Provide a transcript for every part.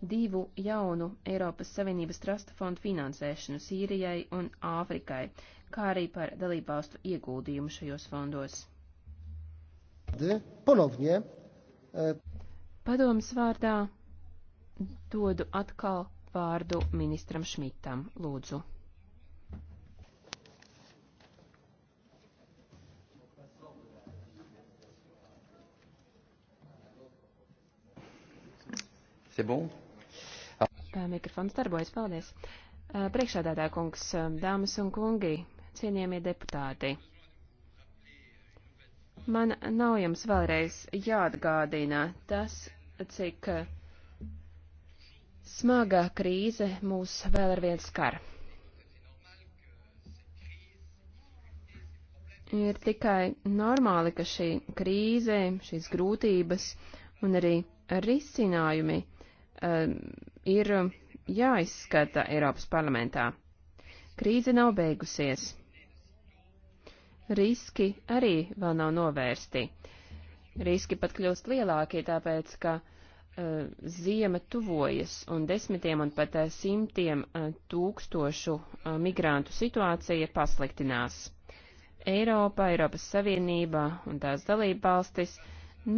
divu jaunu Eiropas Savienības trasta fondu finansēšanu Sīrijai un Āfrikai, kā arī par dalībvalstu ieguldījumu šajos fondos. Ponovnie. E, Padomas vārdā dodu atkal vārdu ministram Šmitam. Lūdzu. C'est bon mikrofons darbojas. Paldies! Eh, Priekšādātāja kungs, eh, dāmas un kungi, cienījamie deputāti. Man nav jums vēlreiz jāatgādina tas, cik eh, smagā krīze mūs vēl ar vien skar. Ir tikai normāli, ka šī krīze, šīs grūtības un arī risinājumi Um, ir jāizskata Eiropas parlamentā. Krīze nav beigusies. Riski arī vēl nav novērsti. Riski pat kļūst lielākie, tāpēc, ka uh, ziema tuvojas un desmitiem un pat uh, simtiem uh, tūkstošu uh, migrantu situācija pasliktinās. Eiropa, Eiropas Savienība un tās dalība valstis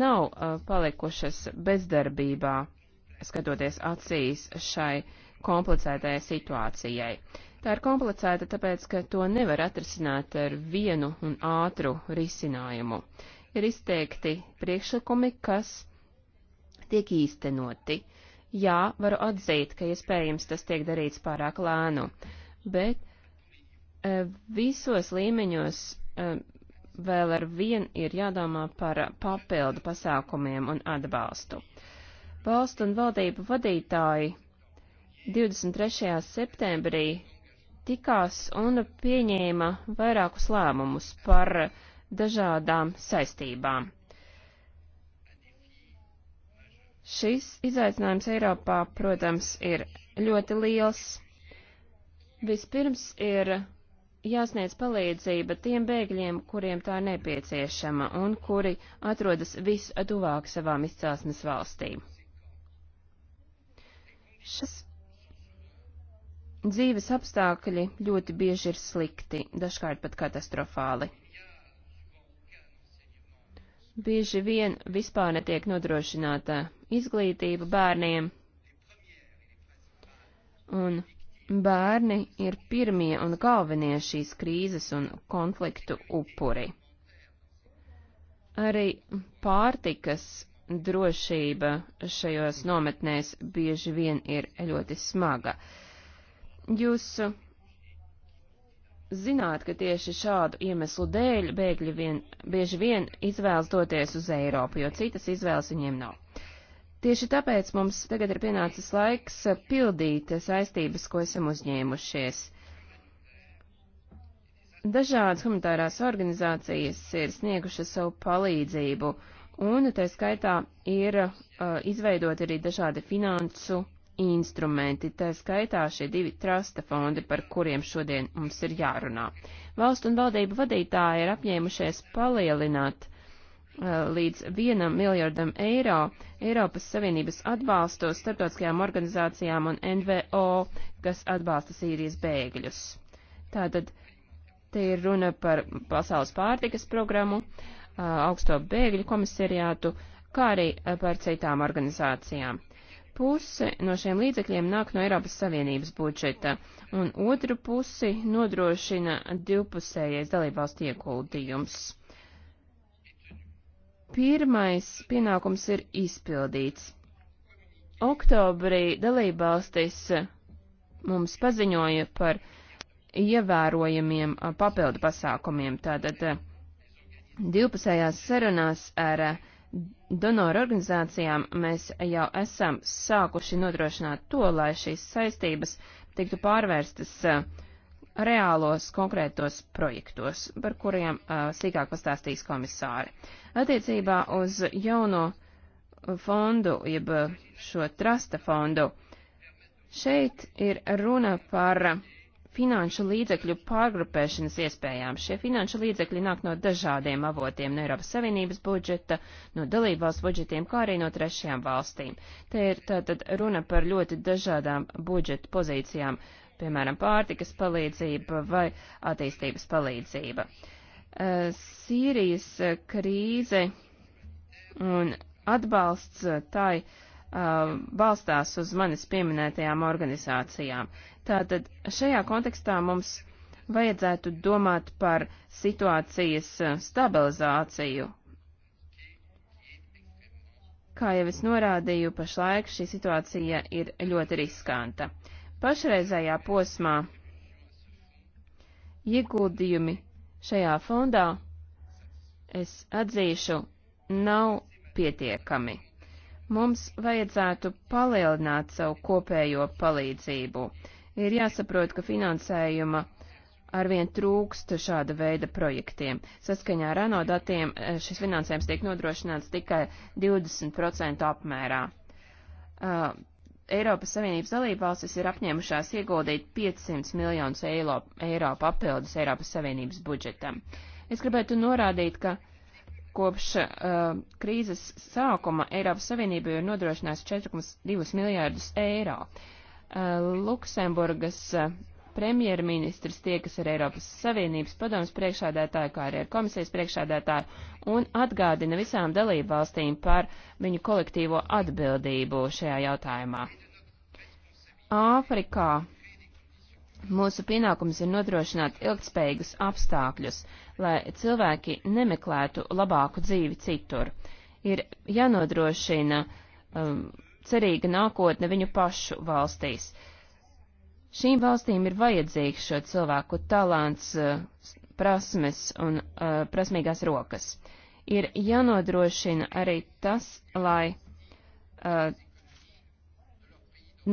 nav uh, palikušas bezdarbībā skatoties acīs šai komplicētajai situācijai. Tā ir komplicēta, tāpēc, ka to nevar atrisināt ar vienu un ātru risinājumu. Ir izteikti priekšlikumi, kas tiek īstenoti. Jā, varu atzīt, ka iespējams tas tiek darīts pārāk lēnu, bet e, visos līmeņos e, vēl ar vien ir jādomā par papildu pasākumiem un atbalstu valstu un valdību vadītāji 23. septembrī tikās un pieņēma vairākus lēmumus par dažādām saistībām. Šis izaicinājums Eiropā, protams, ir ļoti liels. Vispirms ir jāsniedz palīdzība tiem bēgļiem, kuriem tā ir nepieciešama un kuri atrodas visatuvāk savām izcelsmes valstīm šas dzīves apstākļi ļoti bieži ir slikti, dažkārt pat katastrofāli. Bieži vien vispār netiek nodrošināta izglītība bērniem, un bērni ir pirmie un galvenie šīs krīzes un konfliktu upuri. Arī pārtikas drošība šajos nometnēs bieži vien ir ļoti smaga. Jūs zināt, ka tieši šādu iemeslu dēļ bēgļi vien, bieži vien izvēlas doties uz Eiropu, jo citas izvēles viņiem nav. Tieši tāpēc mums tagad ir pienācis laiks pildīt saistības, ko esam uzņēmušies. Dažādas humanitārās organizācijas ir sniegušas savu palīdzību uh, un tā skaitā ir uh, izveidot arī dažādi finansu instrumenti, tā skaitā šie divi trasta fondi, par kuriem šodien mums ir jārunā. Valstu un valdību vadītāji ir apņēmušies palielināt uh, līdz vienam miljardam eiro Eiropas Savienības atbalstu starptautiskajām organizācijām un NVO, kas atbalsta Sīrijas bēgļus. Tātad te ir runa par pasaules pārtikas programmu, uh, augsto bēgļu komisariātu, kā arī par citām organizācijām. Pusi no šiem līdzekļiem nāk no Eiropas Savienības budžeta, un otru pusi nodrošina divpusējais dalībvalstu ieguldījums. Pirmais pienākums ir izpildīts. Oktobrī dalībvalstis mums paziņoja par ievērojamiem papildu pasākumiem, tātad Divpusējās sarunās ar eh, donoru organizācijām mēs jau esam sākuši nodrošināt to, lai šīs saistības tiktu pārvērstas eh, reālos konkrētos projektos, par kuriem eh, sīkāk pastāstīs komisāri. Attiecībā uz jauno fondu, jeb šo trasta fondu, šeit ir runa par finanšu līdzekļu pārgrupēšanas iespējām. Šie finanšu līdzekļi nāk no dažādiem avotiem, no Eiropas Savienības budžeta, no dalībvalsts budžetiem, kā arī no trešajām valstīm. Te ir tātad runa par ļoti dažādām budžeta pozīcijām, piemēram, pārtikas palīdzība vai attīstības palīdzība. Eh, Sīrijas krīze un atbalsts eh, tai eh, balstās uz manis pieminētajām organizācijām. Tātad šajā kontekstā mums vajadzētu domāt par situācijas eh, stabilizāciju. Kā jau es norādīju, pašlaik šī situācija ir ļoti riskanta. Pašreizējā posmā ieguldījumi šajā fondā, es atzīšu, nav pietiekami. Mums vajadzētu palielināt savu kopējo palīdzību. Ir jāsaprot, ka finansējuma arvien trūkst šāda veida projektiem. Saskaņā ar ANO datiem e, šis finansējums tiek nodrošināts tikai 20% apmērā. Uh, Eiropas Savienības dalībvalstis ir apņēmušās ieguldīt 500 miljonus eiro, eiro papildus Eiropas Savienības budžetam. Es gribētu norādīt, ka kopš uh, krīzes sākuma Eiropas Savienība ir nodrošinājusi 4,2 miljārdus eiro. Uh, Eh, Luksemburgas eh, premjerministrs tiekas ar Eiropas Savienības padomas priekšādātāju, kā arī ar komisijas priekšādātāju, un atgādina visām dalību valstīm par viņu kolektīvo atbildību šajā jautājumā. Āfrikā mūsu pienākums ir nodrošināt ilgtspējīgus apstākļus, lai cilvēki nemeklētu labāku dzīvi citur. Ir jānodrošina um, cerīga nākotne viņu pašu valstīs. Šīm valstīm ir vajadzīgs šo cilvēku talants, eh, prasmes un uh, prasmīgās rokas. Ir jānodrošina arī tas, lai uh,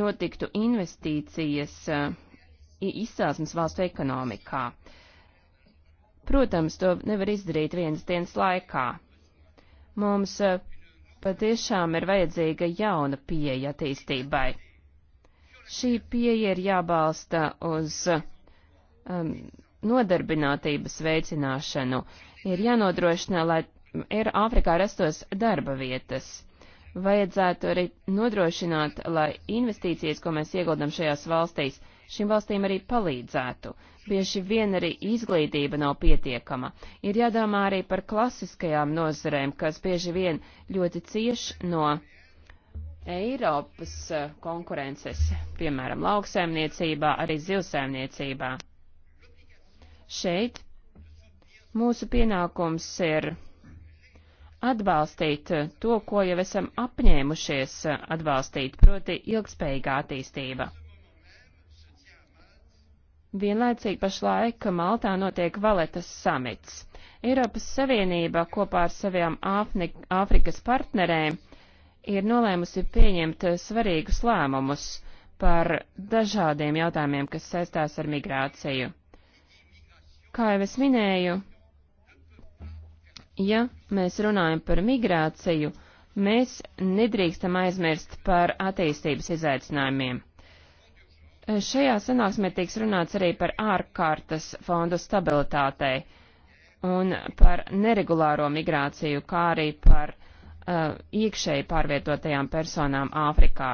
notiktu investīcijas uh, izcelsmes valstu ekonomikā. Protams, to nevar izdarīt vienas dienas laikā. Mums uh, patiešām ir vajadzīga jauna pieeja attīstībai. Šī pieeja ir jābalsta uz um, nodarbinātības veicināšanu, ir jānodrošina, lai ir Āfrikā rastos darba vietas. Vajadzētu arī nodrošināt, lai investīcijas, ko mēs ieguldam šajās valstīs, šīm valstīm arī palīdzētu. Bieži vien arī izglītība nav pietiekama. Ir jādomā arī par klasiskajām nozarēm, kas bieži vien ļoti cieši no Eiropas eh, konkurences, piemēram, lauksēmniecībā, arī zivsēmniecībā. Šeit mūsu pienākums ir atbalstīt eh, to, ko jau esam apņēmušies eh, atbalstīt, proti ilgspējīgā attīstība. Vienlaicīgi pašlaik Maltā notiek valetas samits. Eiropas Savienība kopā ar saviem Āfrikas partnerēm ir nolēmusi pieņemt svarīgus lēmumus par dažādiem jautājumiem, kas saistās ar migrāciju. Kā jau es minēju, ja mēs runājam par migrāciju, mēs nedrīkstam aizmirst par attīstības izaicinājumiem. Šajā sanāksmē tiks runāts arī par ārkārtas fondu stabilitātei un par neregulāro migrāciju, kā arī par uh, iekšēji pārvietotajām personām Āfrikā.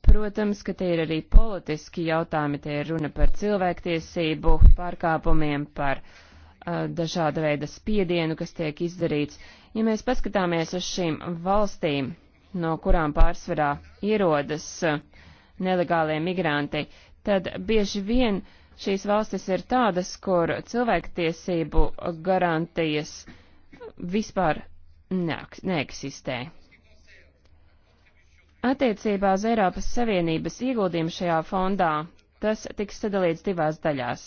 Protams, ka tie ir arī politiski jautājumi, tie ir runa par cilvēktiesību pārkāpumiem, par uh, dažāda veida spiedienu, kas tiek izdarīts. Ja mēs paskatāmies uz šīm valstīm, no kurām pārsvarā ierodas uh, nelegālie migranti, tad bieži vien šīs valstis ir tādas, kur cilvēktiesību garantijas vispār neaks, neeksistē. Attiecībā uz Eiropas Savienības ieguldījumu šajā fondā tas tiks sadalīts divās daļās.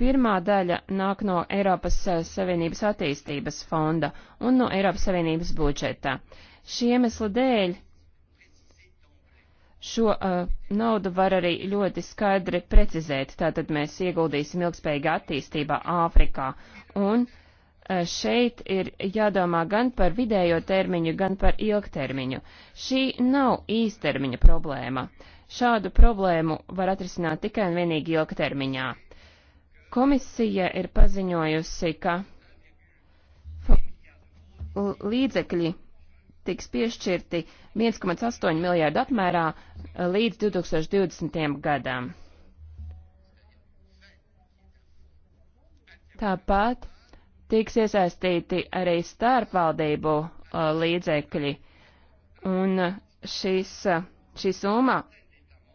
Pirmā daļa nāk no Eiropas Savienības attīstības fonda un no Eiropas Savienības budžeta. Šī iemesla dēļ Šo uh, naudu var arī ļoti skaidri precizēt. Tātad mēs ieguldīsim ilgspējīgā attīstībā Āfrikā. Un uh, šeit ir jādomā gan par vidējo termiņu, gan par ilgtermiņu. Šī nav īstermiņa problēma. Šādu problēmu var atrisināt tikai un vienīgi ilgtermiņā. Komisija ir paziņojusi, ka līdzekļi tiks piešķirti 1,8 miljārdu apmērā eh, līdz 2020. gadam. Tāpat tiks iesaistīti arī starpvaldību eh, līdzekļi, un eh, šis, šī summa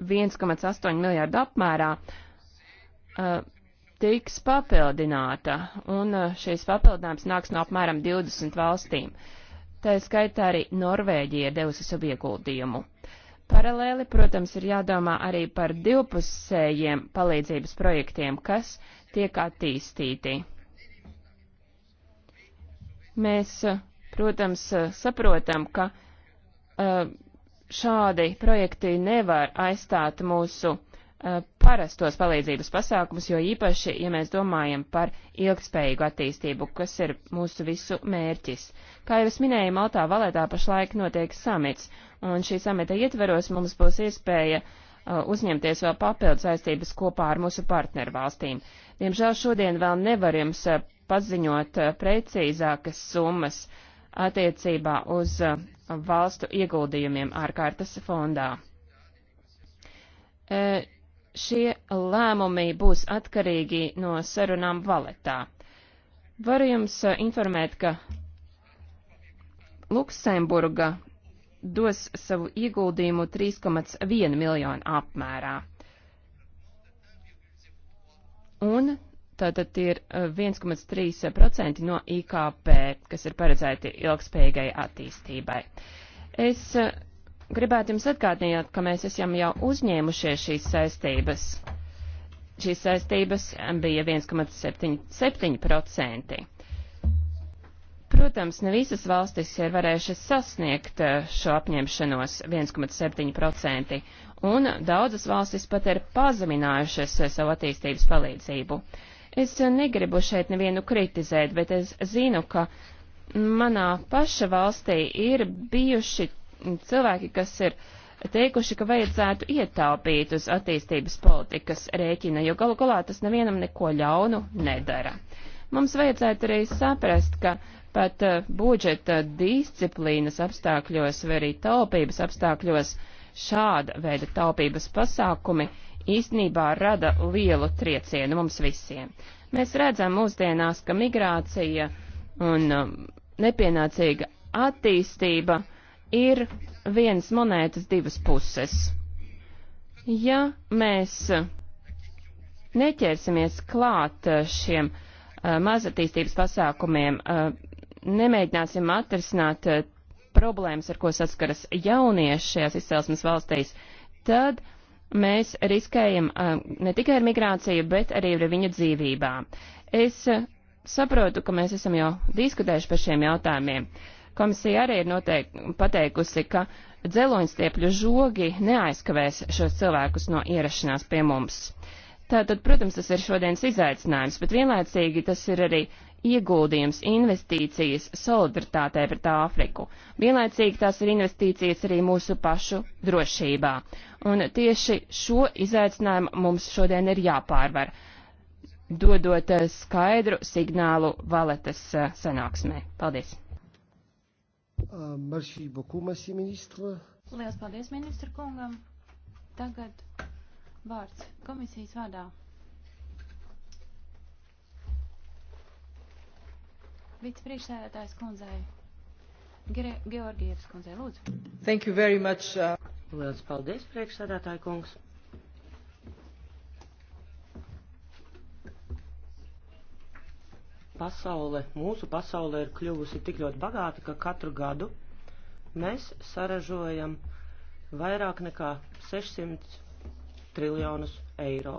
1,8 miljārdu apmērā tiks papildināta, un šīs papildinājums nāks no apmēram 20 valstīm. Uh, Tā skaitā arī Norvēģija ir devusi savu ieguldījumu. Paralēli, protams, ir jādomā arī par divpusējiem palīdzības projektiem, kas tiek attīstīti. Mēs, protams, saprotam, ka eh, šādi projekti nevar aizstāt mūsu eh, parastos palīdzības pasākumus, jo īpaši, ja mēs domājam par ilgspējīgu attīstību, kas ir mūsu visu mērķis. Kā jau es minēju, Maltā valētā pašlaik notiek samits, un šī samita ietveros mums būs iespēja uh, uzņemties vēl papildus saistības kopā ar mūsu partnervalstīm. Diemžēl šodien vēl nevar jums uh, paziņot uh, precīzākas summas attiecībā uz uh, valstu ieguldījumiem ārkārtas fondā. Uh, Šie lēmumi būs atkarīgi no sarunām valetā. Varu jums eh, informēt, ka Luksemburga dos savu ieguldījumu 3,1 miljonu apmērā. Un tātad ir 1,3% eh, no IKP, kas ir paredzēti ilgspējīgai attīstībai. Es eh, gribētu jums atgādināt, ka mēs esam jau uzņēmušies šīs saistības. Šīs saistības bija 1,77%. Protams, ne visas valstis ir varējušas sasniegt eh, šo apņemšanos 1,7%, un daudzas valstis pat ir pazeminājušas eh, savu attīstības palīdzību. Es eh, negribu šeit nevienu kritizēt, bet es zinu, ka manā paša valstī ir bijuši cilvēki, kas ir teikuši, ka vajadzētu ietaupīt uz attīstības politikas rēķina, jo galu galā tas nevienam neko ļaunu nedara. Mums vajadzētu arī saprast, ka pat uh, budžeta disciplīnas apstākļos vai arī taupības apstākļos šāda veida taupības pasākumi īstenībā rada lielu triecienu mums visiem. Mēs redzam mūsdienās, ka migrācija un um, nepienācīga attīstība ir viens monētas divas puses. Ja mēs neķersimies klāt eh, šiem eh, mazatīstības pasākumiem, eh, nemēģināsim atrisināt problēmas, ar ko saskaras jaunieši šajās izcelsmes valstīs, tad mēs riskējam ne tikai ar migrāciju, bet arī ar viņu dzīvībām. Es saprotu, ka mēs esam jau diskutējuši par šiem jautājumiem. Komisija arī ir noteik, pateikusi, ka dzeloņstiepļu žogi neaizkavēs šos cilvēkus no ierašanās pie mums. Tātad, protams, tas ir šodienas izaicinājums, bet vienlaicīgi tas ir arī ieguldījums, investīcijas solidaritātē pret Āfriku. Vienlaicīgi tās ir investīcijas arī mūsu pašu drošībā. Un tieši šo izaicinājumu mums šodien ir jāpārvar, dodot eh, skaidru signālu valetas eh, sanāksmē. Paldies! Maršī Bokumasī ministra. Lielas paldies ministra kungam. Tagad vārds komisijas vārdā. Vicepriekšsēdētājs kundzei Ge Georgievs kundzei, lūdzu. Thank you very much. Uh... Lielas paldies, priekšsēdētāji kungs. pasaule, mūsu pasaule ir kļuvusi tik ļoti bagāta, ka katru gadu mēs saražojam vairāk nekā 600 triljonus eiro.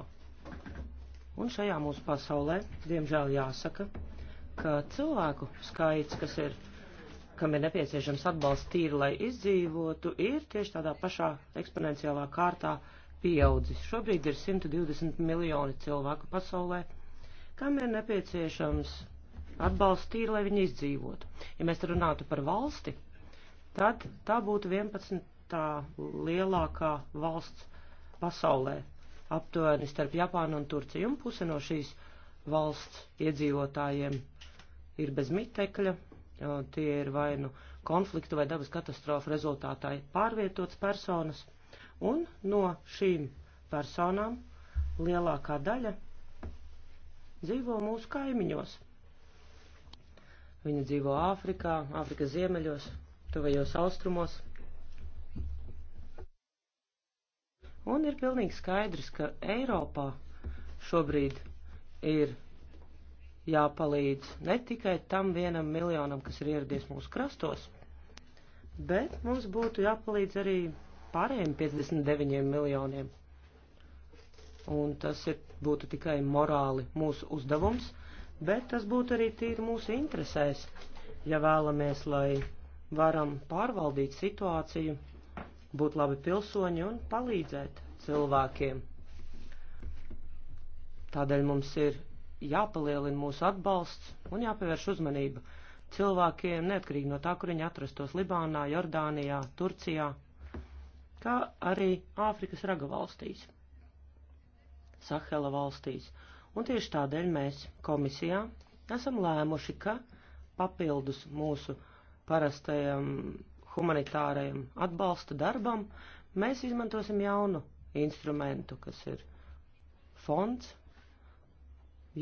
Un šajā mūsu pasaulē, diemžēl, jāsaka, ka cilvēku skaits, kas ir, kam ir nepieciešams atbalsts tīri, lai izdzīvotu, ir tieši tādā pašā eksponenciālā kārtā pieaudzis. Šobrīd ir 120 miljoni cilvēku pasaulē, kam ir nepieciešams atbalsts tīri, lai viņi izdzīvotu. Ja mēs runātu par valsti, tad tā būtu 11. lielākā valsts pasaulē, aptuveni starp Japānu un Turciju, un puse no šīs valsts iedzīvotājiem ir bez mitekļa, tie ir vai nu konfliktu vai dabas katastrofu rezultātā pārvietots personas, un no šīm personām lielākā daļa dzīvo mūsu kaimiņos, Viņa dzīvo Āfrikā, Āfrikas ziemeļos, tuvajos austrumos. Un ir pilnīgi skaidrs, ka Eiropā šobrīd ir jāpalīdz ne tikai tam vienam miljonam, kas ir ieradies mūsu krastos, bet mums būtu jāpalīdz arī pārējiem 59 miljoniem. Un tas ir, būtu tikai morāli mūsu uzdevums bet tas būtu arī tīri mūsu interesēs, ja vēlamies, lai varam pārvaldīt situāciju, būt labi pilsoņi un palīdzēt cilvēkiem. Tādēļ mums ir jāpalielina mūsu atbalsts un jāpievērš uzmanība cilvēkiem, neatkarīgi no tā, kur viņi atrastos Libānā, Jordānijā, Turcijā, kā arī Āfrikas raga valstīs, Sahela valstīs Un tieši tādēļ mēs komisijā esam lēmuši, ka papildus mūsu parastajam humanitārajam atbalsta darbam mēs izmantosim jaunu instrumentu, kas ir fonds,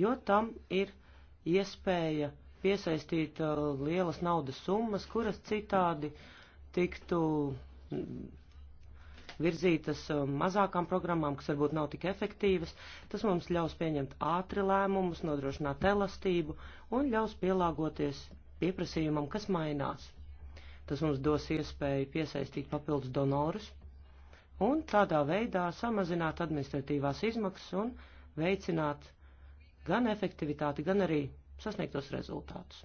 jo tam ir iespēja piesaistīt uh, lielas naudas summas, kuras citādi tiktu virzītas um, mazākām programmām, kas varbūt nav tik efektīvas. Tas mums ļaus pieņemt ātri lēmumus, nodrošināt elastību un ļaus pielāgoties pieprasījumam, kas mainās. Tas mums dos iespēju piesaistīt papildus donorus un tādā veidā samazināt administratīvās izmaksas un veicināt gan efektivitāti, gan arī sasniegtos rezultātus.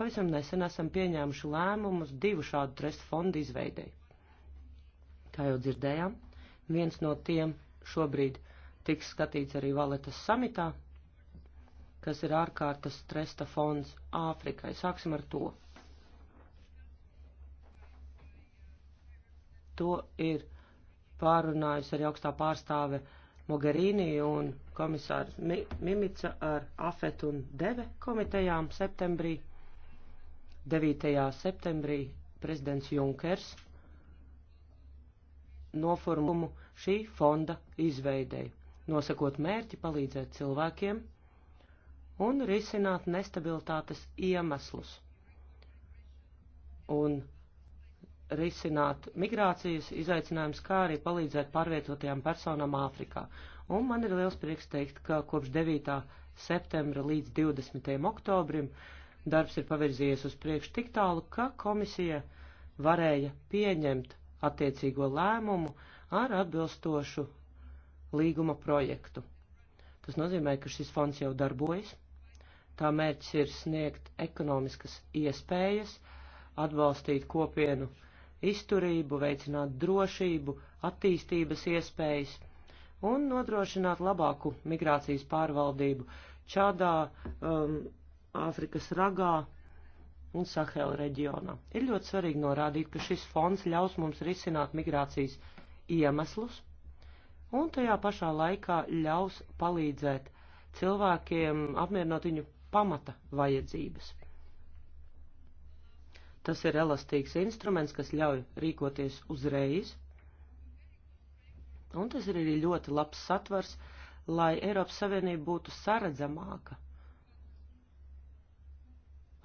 Pavisam nesen esam pieņēmuši lēmumus divu šādu trust fondu izveidēju. Kā jau dzirdējām, viens no tiem šobrīd tiks skatīts arī Valetas samitā, kas ir ārkārtas stresa fonds Āfrikai. Sāksim ar to. To ir pārunājusi arī augstā pārstāve Mogherini un komisārs Mimica ar AFET un DEVE komitejām septembrī. 9. septembrī prezidents Junkers noformumu šī fonda izveidei, nosakot mērķi palīdzēt cilvēkiem un risināt nestabilitātes iemeslus un risināt migrācijas izaicinājumus, kā arī palīdzēt pārvietotajām personām Āfrikā. Un man ir liels prieks teikt, ka kopš 9. septembra līdz 20. oktobrim darbs ir pavirzījies uz priekšu tik tālu, ka komisija varēja pieņemt attiecīgo lēmumu ar atbilstošu līguma projektu. Tas nozīmē, ka šis fonds jau darbojas. Tā mērķis ir sniegt ekonomiskas iespējas, atbalstīt kopienu izturību, veicināt drošību, attīstības iespējas un nodrošināt labāku migrācijas pārvaldību Čadā, um, Āfrikas ragā un Sahela reģionā. Ir ļoti svarīgi norādīt, ka šis fonds ļaus mums risināt migrācijas iemeslus un tajā pašā laikā ļaus palīdzēt cilvēkiem apmierinot viņu pamata vajadzības. Tas ir elastīgs instruments, kas ļauj rīkoties uzreiz, un tas ir arī ļoti labs satvers, lai Eiropas Savienība būtu saredzamāka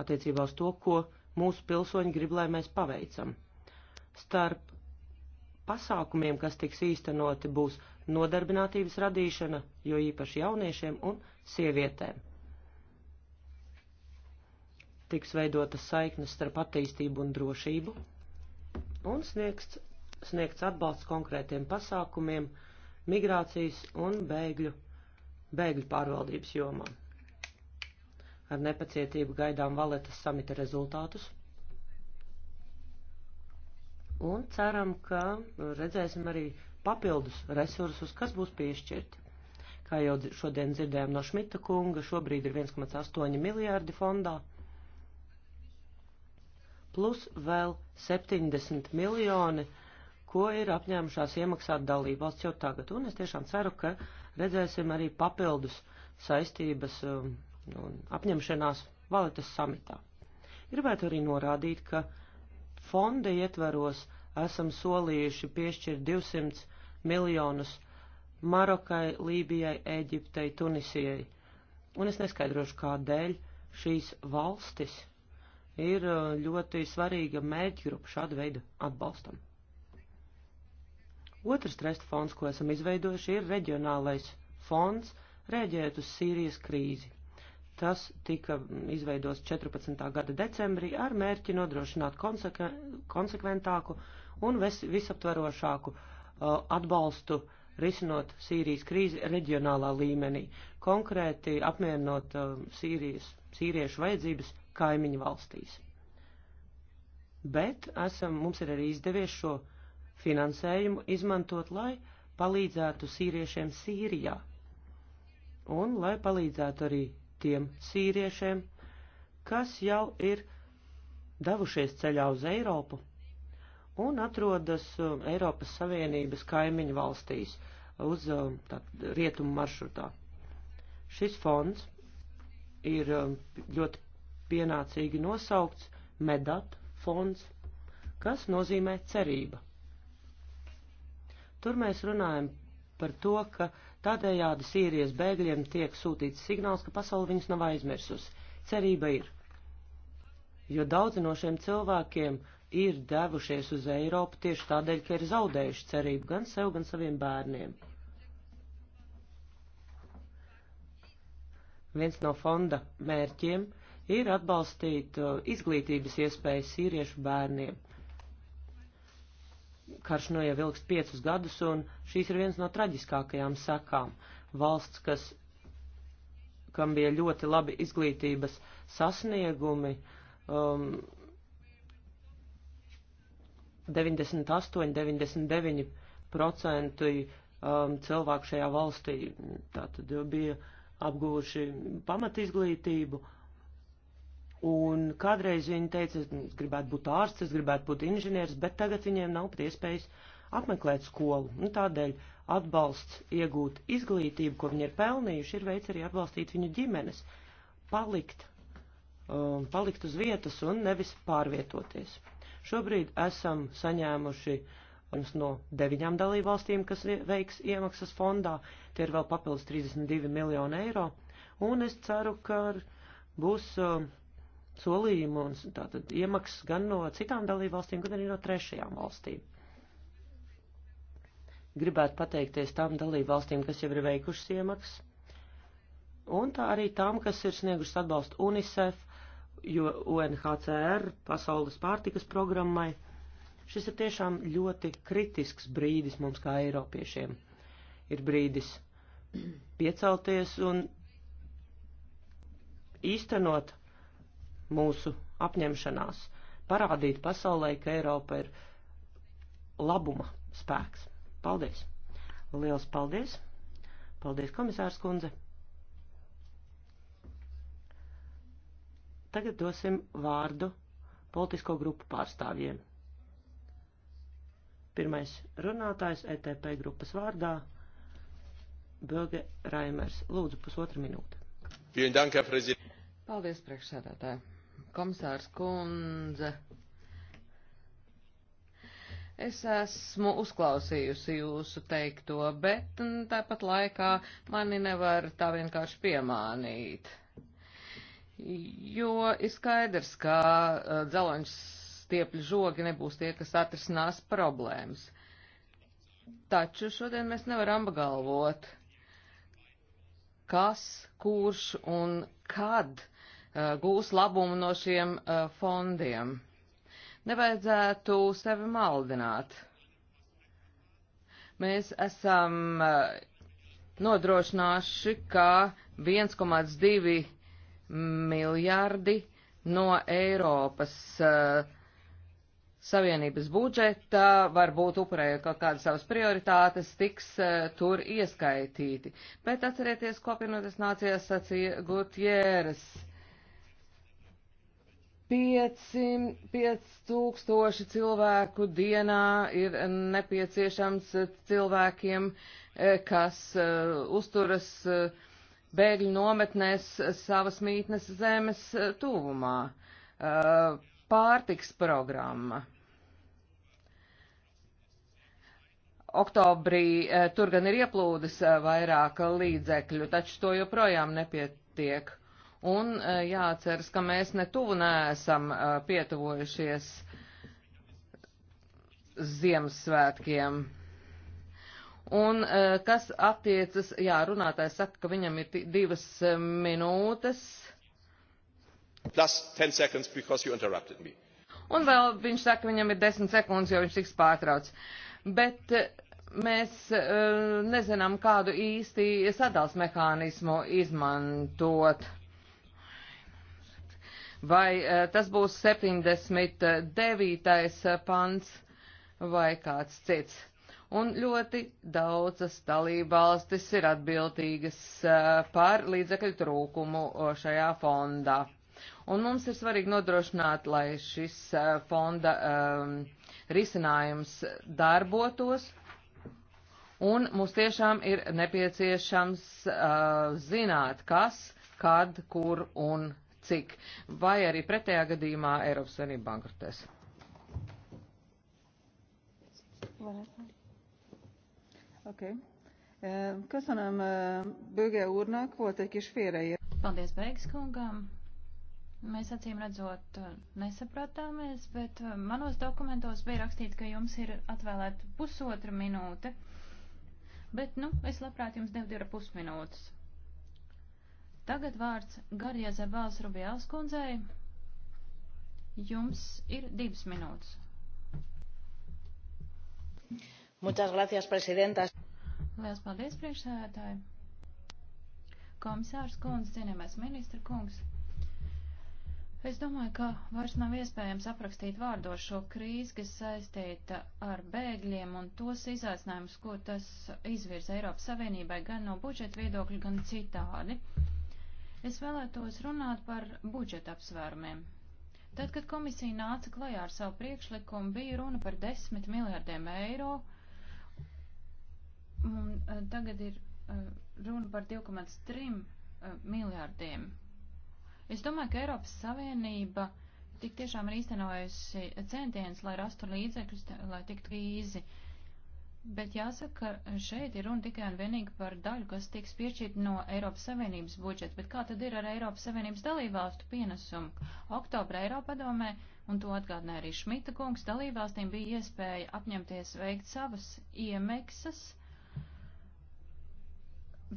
attiecībā uz to, ko mūsu pilsoņi grib, lai mēs paveicam. Starp pasākumiem, kas tiks īstenoti, būs nodarbinātības radīšana, jo īpaši jauniešiem un sievietēm. Tiks veidotas saiknes starp attīstību un drošību un sniegts, sniegts atbalsts konkrētiem pasākumiem migrācijas un bēgļu, bēgļu pārvaldības jomām. Ar nepacietību gaidām valetas samita rezultātus. Un ceram, ka redzēsim arī papildus resursus, kas būs piešķirti. Kā jau šodien dzirdējām no Šmita kunga, šobrīd ir 1,8 miljārdi fondā, plus vēl 70 miljoni, ko ir apņēmušās iemaksāt dalībvalsts jau tagad. Un es tiešām ceru, ka redzēsim arī papildus saistības um, un apņemšanās valetas samitā. Gribētu arī norādīt, ka fonda ietveros esam solījuši piešķirt 200 miljonus Marokai, Lībijai, Eģiptei, Tunisijai. Un es neskaidrošu, kādēļ šīs valstis ir uh, ļoti svarīga mērķgrupa šāda veida atbalstam. Otrs tresta fonds, ko esam izveidojuši, ir reģionālais fonds rēģēt uz Sīrijas krīzi. Tas tika izveidos 14. gada decembrī ar mērķi nodrošināt konseke konsekventāku un visaptverošāku uh, atbalstu risinot Sīrijas krīzi reģionālā līmenī, konkrēti apmierinot uh, Sīrijas, sīriešu vajadzības kaimiņu valstīs. Bet esam, mums ir arī izdevies šo finansējumu izmantot, lai palīdzētu sīriešiem Sīrijā un lai palīdzētu arī simtiem sīriešiem, kas jau ir devušies ceļā uz Eiropu un atrodas um, Eiropas Savienības kaimiņu valstīs uz um, tā, rietumu maršrutā. Šis fonds ir um, ļoti pienācīgi nosaukts Medat fonds, kas nozīmē cerība. Tur mēs runājam par to, ka Tādējādi Sīrijas bēgļiem tiek sūtīts signāls, ka pasauli viņus nav aizmirsusi. Cerība ir. Jo daudzi no šiem cilvēkiem ir devušies uz Eiropu tieši tādēļ, ka ir zaudējuši cerību gan sev, gan saviem bērniem. Viens no fonda mērķiem ir atbalstīt uh, izglītības iespējas sīriešu bērniem. Karš nu jau ilgst piecus gadus, un šīs ir viens no traģiskākajām sakām. Valsts, kas, kam bija ļoti labi izglītības sasniegumi, um, 98, 99% um, cilvēku šajā valstī tātad bija apguvuši pamatizglītību, Un kādreiz viņi teica, es gribētu būt ārsts, es gribētu būt inženieris, bet tagad viņiem nav pat iespējas apmeklēt skolu. Un nu, tādēļ atbalsts iegūt izglītību, ko viņi ir pelnījuši, ir veids arī atbalstīt viņu ģimenes, palikt, um, palikt uz vietas un nevis pārvietoties. Šobrīd esam saņēmuši no deviņām dalībvalstīm, kas veiks iemaksas fondā, tie ir vēl papildus 32 miljoni eiro, un es ceru, ka būs uh, solījumu un tātad iemaksas gan no citām dalībvalstīm, gan arī no trešajām valstīm. Gribētu pateikties tām dalībvalstīm, kas jau ir veikušas iemaksas, un tā arī tām, kas ir sniegušas atbalstu UNICEF, UNHCR, Pasaules pārtikas programmai. Šis ir tiešām ļoti kritisks brīdis mums kā Eiropiešiem. Ir brīdis piecelties un īstenot mūsu apņemšanās parādīt pasaulē, ka Eiropa ir labuma spēks. Paldies! Liels paldies! Paldies, komisārs kundze! Tagad dosim vārdu politisko grupu pārstāvjiem. Pirmais runātājs ETP grupas vārdā - Böge Raimers. Lūdzu, pusotra minūte. Paldies, priekšsēdētāji! komisārs kundze. Es esmu uzklausījusi jūsu teikto, bet tāpat laikā mani nevar tā vienkārši piemānīt. Jo ir skaidrs, ka uh, dzeloņš stiepļu žogi nebūs tie, kas atrisinās problēmas. Taču šodien mēs nevaram apgalvot, kas, kurš un kad uh, Uh, gūs labumu no šiem uh, fondiem. Nevajadzētu sevi maldināt. Mēs esam uh, nodrošināši, ka 1,2 miljardi no Eiropas uh, Savienības budžeta, varbūt upurējot kaut kādas savas prioritātes, tiks uh, tur ieskaitīti. Bet atcerieties, ko apvienotas nācijas sacīja Gutieres. Uh, 5000 cilvēku dienā ir nepieciešams cilvēkiem, eh, kas eh, uzturas eh, bēgļu nometnēs savas mītnes zemes tuvumā. Pārtiks programma. Oktobrī tur gan ir ieplūdes vairāk līdzekļu, taču to joprojām nepietiek Un e, jāceras, ka mēs netuvu neesam e, pietuvojušies Ziemassvētkiem. Un e, kas attiecas, jā, runātājs saka, ka viņam ir divas minūtes. Plus 10 seconds because you interrupted me. Un vēl viņš saka, ka viņam ir 10 sekundes, jo viņš tiks pārtrauc. Bet mēs nezinām, kādu īsti sadals mehānismu izmantot vai eh, tas būs 79. Eh, pants vai kāds cits. Un ļoti daudzas dalībvalstis ir atbildīgas eh, par līdzekļu trūkumu šajā fondā. Un mums ir svarīgi nodrošināt, lai šis fonda um, risinājums darbotos un mums tiešām ir nepieciešams uh, zināt, kas, kad, kur un cik, vai arī pretējā gadījumā Eiropas Savienība bankrotēs. Okay. Eh, Köszönöm eh, Böge úrnak, volt egy kis félreértés. Paldies Beigas kungam. Mēs acīm redzot eh, nesapratāmies, bet manos dokumentos bija rakstīts, ka jums ir atvēlēta pusotra minūte, bet, nu, es labprāt jums devu divu pusminūtes. Tagad vārds Garija Zabāls Rubijāls kundzei. Jums ir divas minūtes. Muchas gracias, presidentas. Lielas paldies, priekšsēdētāji. Komisārs kundze, cienījamais ministra kungs. Es domāju, ka vairs nav iespējams aprakstīt vārdos šo krīzi, kas saistīta ar bēgļiem un tos izaicinājumus, ko tas izvirza Eiropas Savienībai gan no budžeta viedokļa, gan citādi. Es vēlētos runāt par budžeta apsvērumiem. Tad, kad komisija nāca klajā ar savu priekšlikumu, bija runa par 10 miljārdiem eiro, un eh, tagad ir eh, runa par 2,3 eh, miljārdiem. Es domāju, ka Eiropas Savienība tik tiešām ir īstenojusi centienus, lai rastu līdzekļus, lai tiktu krīzi. Uh, Bet jāsaka, ka šeit ir runa tikai un vienīgi par daļu, kas tiks piešķirta no Eiropas Savienības budžeta. Bet kā tad ir ar Eiropas Savienības dalībvalstu pienesumu? Oktobra Eiropadomē, un to atgādināja arī Šmita kungs, dalībvalstīm bija iespēja apņemties veikt savas iemaksas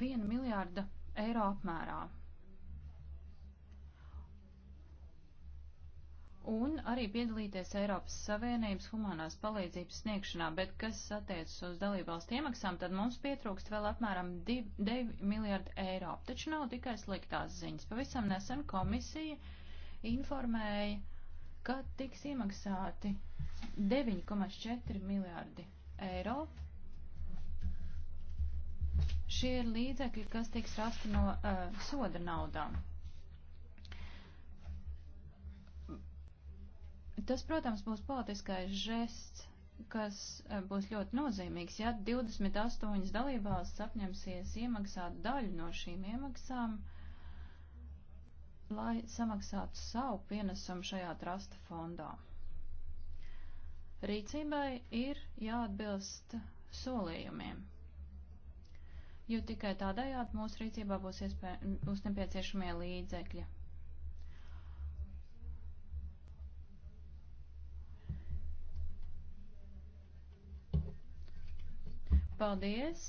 viena miljārda eiro apmērā. un arī piedalīties Eiropas Savienības humanās palīdzības sniegšanā, bet kas attiecas uz dalībvalstu iemaksām, tad mums pietrūkst vēl apmēram 2 miljārdi eiro. Taču nav tikai sliktās ziņas. Pavisam nesen komisija informēja, ka tiks iemaksāti 9,4 miljārdi eiro. Šie ir līdzekļi, kas tiks rasti no uh, soda naudām. Tas, protams, būs politiskais žests, kas e, būs ļoti nozīmīgs, ja 28 dalībvalsts apņemsies iemaksāt daļu no šīm iemaksām, lai samaksātu savu pienesumu šajā trasta fondā. Rīcībai ir jāatbilst solījumiem, jo tikai tādējādi mūsu rīcībā būs, iespēja, būs nepieciešamie līdzekļi. Paldies!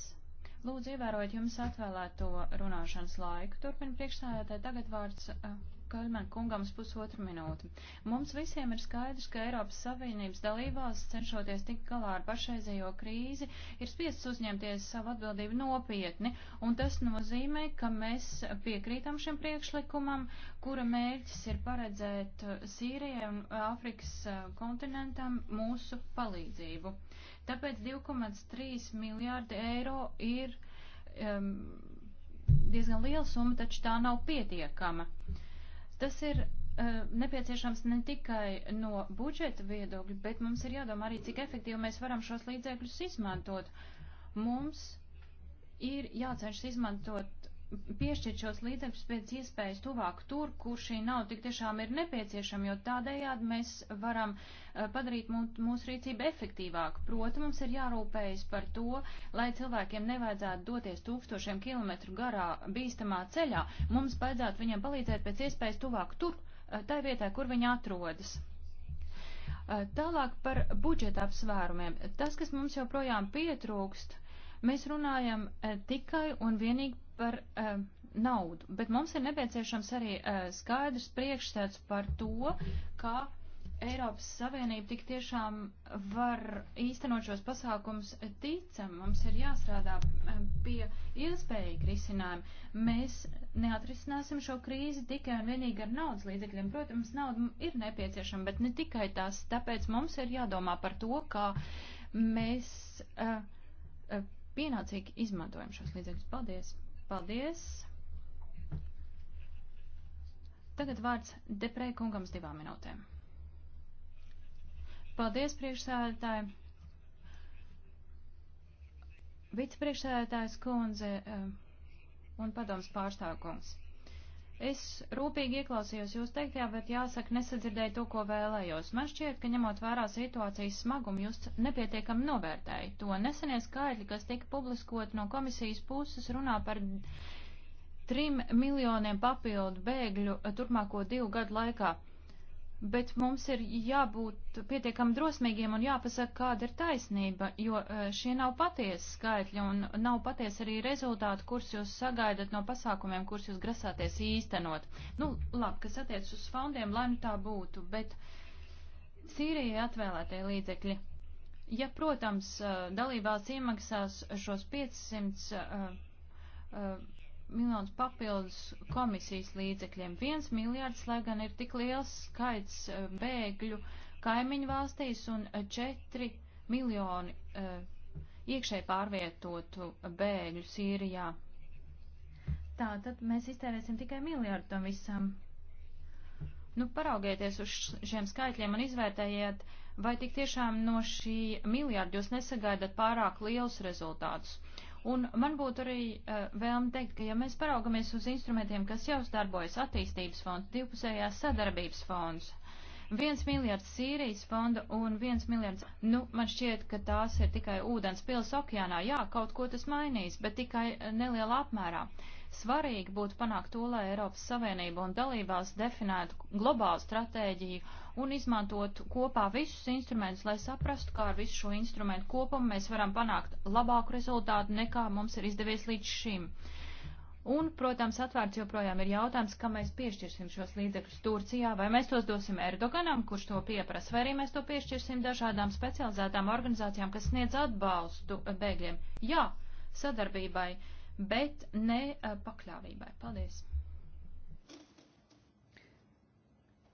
Lūdzu, ievērojiet jums atvēlēto runāšanas laiku. Turpin priekšstādātāji tagad vārds eh, Kaļmēn kungam uz pusotru minūti. Mums visiem ir skaidrs, ka Eiropas Savienības dalībās, cenšoties tikt galā ar pašreizējo krīzi, ir spiests uzņemties savu atbildību nopietni, un tas nozīmē, ka mēs piekrītam šim priekšlikumam, kura mērķis ir paredzēt eh, Sīrijai un Āfrikas eh, kontinentam mūsu palīdzību. Tāpēc 2,3 miljārdi eiro ir um, diezgan liela summa, taču tā nav pietiekama. Tas ir uh, nepieciešams ne tikai no budžeta viedokļa, bet mums ir jādomā arī, cik efektīvi mēs varam šos līdzekļus izmantot. Mums ir jācenšas izmantot piešķirt šos līdzekļus pēc iespējas tuvāk tur, kur šī nauda tik tiešām ir nepieciešama, jo tādējādi mēs varam eh, padarīt mūsu rīcību efektīvāku. Proti, mums ir jārūpējas par to, lai cilvēkiem nevajadzētu doties tūkstošiem kilometru garā bīstamā ceļā. Mums vajadzētu viņiem palīdzēt pēc iespējas tuvāk tur, eh, tai vietā, kur viņi atrodas. Eh, tālāk par budžeta apsvērumiem. Tas, kas mums joprojām pietrūkst, mēs runājam tikai un vienīgi par um, naudu, bet mums ir nepieciešams arī uh, skaidrs priekšstats par to, kā Eiropas Savienība tik tiešām var īstenot šos pasākums ticam. Mums ir jāstrādā eh, pie ilgspējīga risinājuma. Mēs neatrisināsim šo krīzi tikai un vienīgi ar naudas līdzekļiem. Protams, nauda ir nepieciešama, bet ne tikai tās. Tāpēc mums ir jādomā par to, kā mēs uh, uh, pienācīgi izmantojam šos līdzekļus. Paldies! Paldies. Tagad vārds Deprei kungam uz divām minūtēm. Paldies, priekšsēdētāji. Vicepriekšsēdētājs kundze eh, un padoms pārstāvkungs. Es rūpīgi ieklausījos jūs teiktajā, bet jāsaka, nesadzirdēju to, ko vēlējos. Man šķiet, ka ņemot vērā situācijas smagumu, jūs nepietiekam novērtēju to. Nesenie skaitļi, kas tika publiskot no komisijas puses, runā par trim miljoniem papildu bēgļu turpmāko divu gadu laikā bet mums ir jābūt pietiekami drosmīgiem un jāpasaka, kāda ir taisnība, jo e, šie nav patiesi skaitļi un nav patiesi arī rezultāti, kurus jūs sagaidat no pasākumiem, kurus jūs grasāties īstenot. Nu, labi, kas attiec uz fondiem, lai nu tā būtu, bet Sīrijai atvēlētie līdzekļi. Ja, protams, e, dalībvalsts iemaksās šos 500 uh, uh, miljonus papildus komisijas līdzekļiem. Viens miljards, lai gan ir tik liels skaits e, bēgļu kaimiņu valstīs un e, četri miljoni e, iekšēji pārvietotu bēgļu Sīrijā. Tā, tad mēs iztērēsim tikai miljardu tam visam. Nu, paraugieties uz šiem skaitļiem un izvērtējiet, vai tik tiešām no šī miljarda jūs nesagaidat pārāk lielus rezultātus. Un man būtu arī uh, vēlme teikt, ka ja mēs paraugamies uz instrumentiem, kas jau darbojas attīstības fonds, divpusējās sadarbības fonds, viens miljards Sīrijas fonda un viens miljards, nu, man šķiet, ka tās ir tikai ūdens pils okeānā. Jā, kaut ko tas mainīs, bet tikai eh, nelielā apmērā. Uh, Svarīgi būtu panākt to, lai Eiropas Savienība un dalībās definētu globālu stratēģiju un izmantot kopā visus instrumentus, lai saprastu, kā ar visu šo instrumentu kopumu mēs varam panākt labāku rezultātu nekā mums ir izdevies līdz šim. Un, protams, atvērts joprojām ir jautājums, kam mēs piešķirsim šos līdzekļus Turcijā, vai mēs tos dosim Erdoganam, kurš to pieprasa, vai arī mēs to piešķirsim dažādām specializētām organizācijām, kas sniedz atbalstu bēgļiem. Jā, sadarbībai bet ne eh, pakļāvībai. Paldies!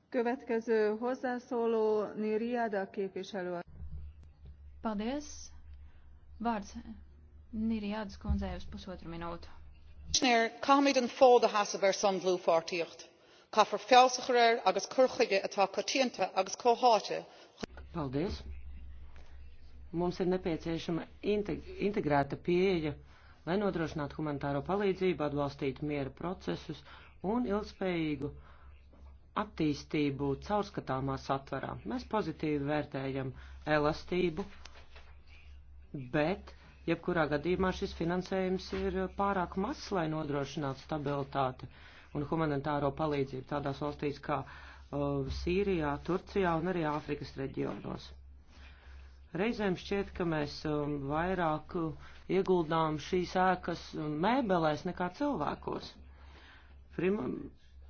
Következő hozzászóló Niriada képviselő. Paldies! Vārds Niriādas kundzei uz pusotru minūtu. Snéir, kāmīdan fóda hāsavēr san blūfārtījucht. Kā par fjāsakarēr agas kurchige atā katienta agas kohāte. Paldies! Mums ir nepieciešama integrēta pieeja lai nodrošinātu humanitāro palīdzību, atbalstītu miera procesus un ilgspējīgu attīstību caurskatāmā satvarā. Mēs pozitīvi vērtējam elastību, bet jebkurā gadījumā šis finansējums ir pārāk mazs, lai nodrošinātu stabilitāti un humanitāro palīdzību tādās valstīs kā uh, Sīrijā, Turcijā un arī Āfrikas reģionos. Reizēm šķiet, ka mēs um, vairāk ieguldām šīs ēkas mēbelēs nekā cilvēkos.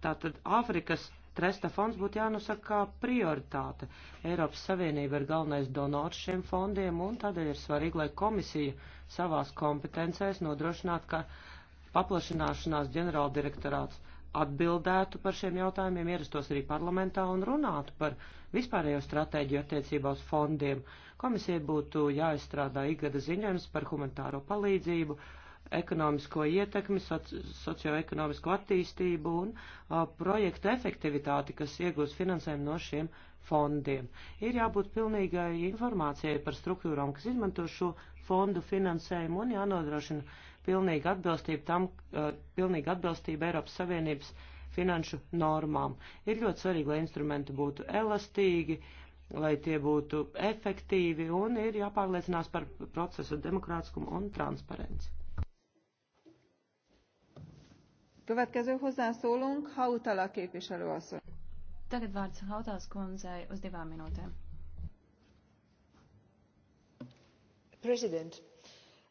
Tātad Āfrikas tresta fonds būtu jānosaka kā prioritāte. Eiropas Savienība ir galvenais donors šiem fondiem, un tādēļ ir svarīgi, lai komisija savās kompetencēs nodrošinātu, ka paplašināšanās ģenerāldirektorāts atbildētu par šiem jautājumiem, ierastos arī parlamentā un runātu par vispārējo stratēģiju attiecībā uz fondiem. Komisijai būtu jāizstrādā ikgada ziņojums par humanitāro palīdzību, ekonomisko ietekmi, soci socioekonomisko attīstību un a, projektu efektivitāti, kas iegūs finansējumu no šiem fondiem. Ir jābūt pilnīgai informācijai par struktūrām, kas izmanto šo fondu finansējumu un jānodrošina pilnīga atbilstība tam, a, pilnīga atbilstība Eiropas Savienības finanšu normām. Ir ļoti svarīgi, lai instrumenti būtu elastīgi, lai tie būtu efektīvi un ir jāpārliecinās par procesu demokrātiskumu un transparenci. Következő hozzászólunk, Hautala képviselő asszony. Tagad vārds Hautals kundzei uz divām minūtēm. President,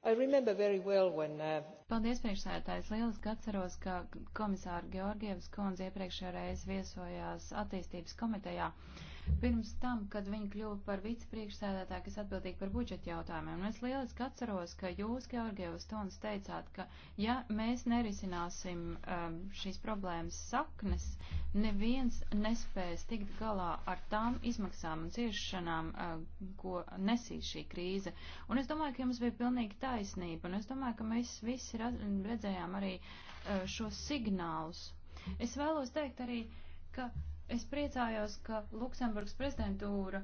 I remember very well when uh, Paldies, priekšsētājs. Lieliski atceros, ka komisāra Georgievas kundze iepriekšējā reiz viesojās attīstības komitejā. Uh, pirms tam, kad viņi kļuva par vicepriekšsēdētāju, kas atbildīgi par budžeta jautājumiem. Un es lieliski atceros, ka jūs, Georgievs Tons, teicāt, ka ja mēs nerisināsim um, šīs problēmas saknes, neviens nespēs tikt galā ar tām izmaksām un ciešanām, uh, ko nesīs šī krīze. Un es domāju, ka jums bija pilnīgi taisnība, un es domāju, ka mēs visi redzējām arī uh, šo signālus. Es vēlos teikt arī, ka Es priecājos, ka Luksemburgas prezidentūra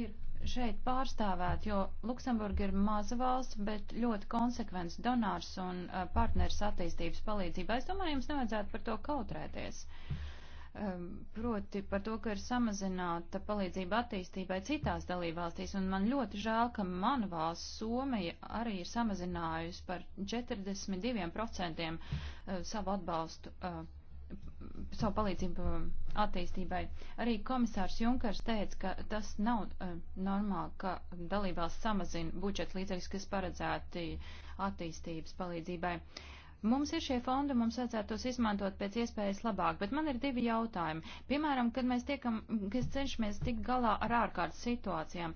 ir šeit pārstāvēt, jo Luksemburga ir maza valsts, bet ļoti konsekvents donārs un partners attīstības palīdzībā. Es domāju, jums nevajadzētu par to kautrēties. Proti par to, ka ir samazināta palīdzība attīstībai citās dalībvalstīs, un man ļoti žēl, ka mana valsts Somija arī ir samazinājusi par 42% savu atbalstu, savu palīdzību attīstībai. Arī komisārs Junkers teica, ka tas nav uh, normāli, ka dalībās samazina budžeta līdzekļus, kas paredzēti attīstības palīdzībai. Mums ir šie fondi, mums vajadzētu tos izmantot pēc iespējas labāk, bet man ir divi jautājumi. Piemēram, kad mēs tiekam, kas cenšamies tikt galā ar ārkārtas situācijām,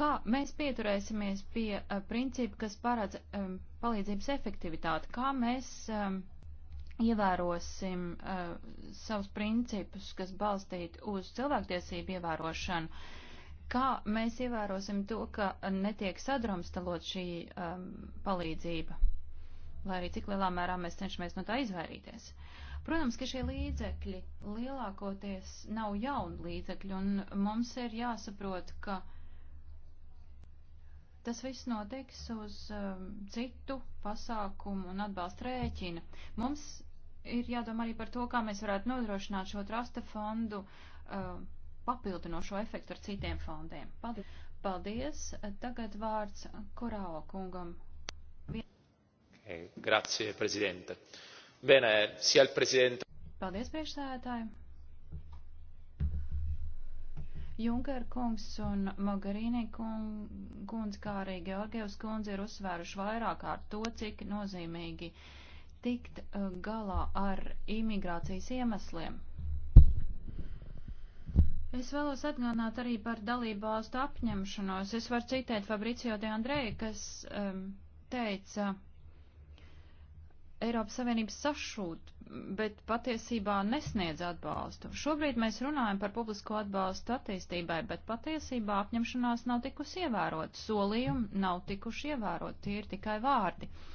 kā mēs pieturēsimies pie uh, principa, kas paredz um, palīdzības efektivitāti, kā mēs um, ievērosim uh, savus principus, kas balstīti uz cilvēktiesību ievērošanu, kā mēs ievērosim to, ka netiek sadrumstalot šī um, palīdzība, lai arī cik lielā mērā mēs cenšamies no tā izvairīties. Protams, ka šie līdzekļi lielākoties nav jauni līdzekļi, un mums ir jāsaprot, ka tas viss notiks uz um, citu pasākumu un atbalstu rēķina. Mums ir jādomā arī par to, kā mēs varētu nodrošināt šo trasta fondu uh, papildinošo efektu ar citiem fondiem. Paldies! Paldies. Tagad vārds Korāla kungam. Hey, eh, grazie, prezidente. Bene, sia il presidente. Paldies, priekšsēdētāji. Junker kungs un Mogherini kundz, kā arī Georgievs kundze ir uzsvēruši vairāk kārt to, cik nozīmīgi uh, tikt uh, galā ar imigrācijas iemesliem. Es vēlos atgādināt arī par dalību valstu apņemšanos. Es varu citēt Fabricio de Andreju, kas um, teica, Eiropas Savienības sašūt, bet patiesībā nesniedz atbalstu. Šobrīd mēs runājam par publisko atbalstu attīstībai, bet patiesībā apņemšanās nav tikusi ievērot, solījumi nav tikuši ievērot, tie ir tikai vārdi. Uh,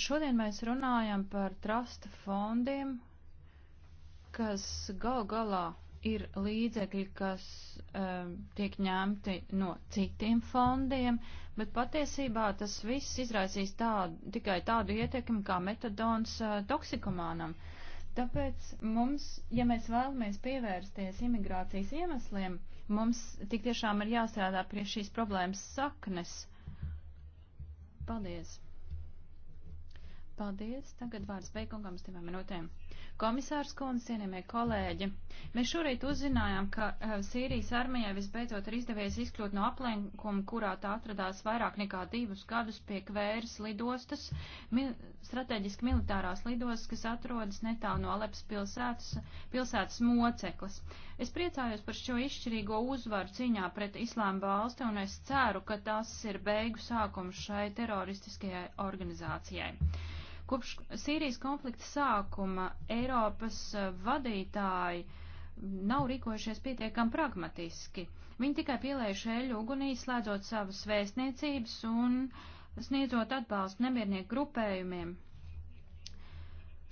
Šodien mēs runājam par trasta fondiem, kas gal galā ir līdzekļi, kas um, tiek ņemti no citiem fondiem, bet patiesībā tas viss izraisīs tādu, tikai tādu ietekmi kā metadons uh, toksikomānam. Tāpēc mums, ja mēs vēlamies pievērsties imigrācijas iemesliem, mums tik tiešām ir jāstrādā pie šīs problēmas saknes. Paldies! Paldies. Tagad vārds beigungam uz divām minūtēm. Komisārs Kunis, cienījamie kolēģi, mēs šorīt uzzinājām, ka uh, Sīrijas armijai visbeidzot ir izdevies izkļūt no aplenkuma, kurā tā atradās vairāk nekā divus gadus pie kvēras lidostas, mil strateģiski militārās lidostas, kas atrodas netālu no Alepas pilsētas, pilsētas moceklis. Es priecājos par šo izšķirīgo uzvaru cīņā pret islāma valsti, un es ceru, ka tas ir beigu sākums šai teroristiskajai organizācijai. Kopš Sīrijas konflikta sākuma Eiropas eh, vadītāji nav rīkojušies pietiekam pragmatiski. Viņi tikai pielējuši eļu ugunī, slēdzot savas vēstniecības un sniedzot atbalstu nemiernieku grupējumiem.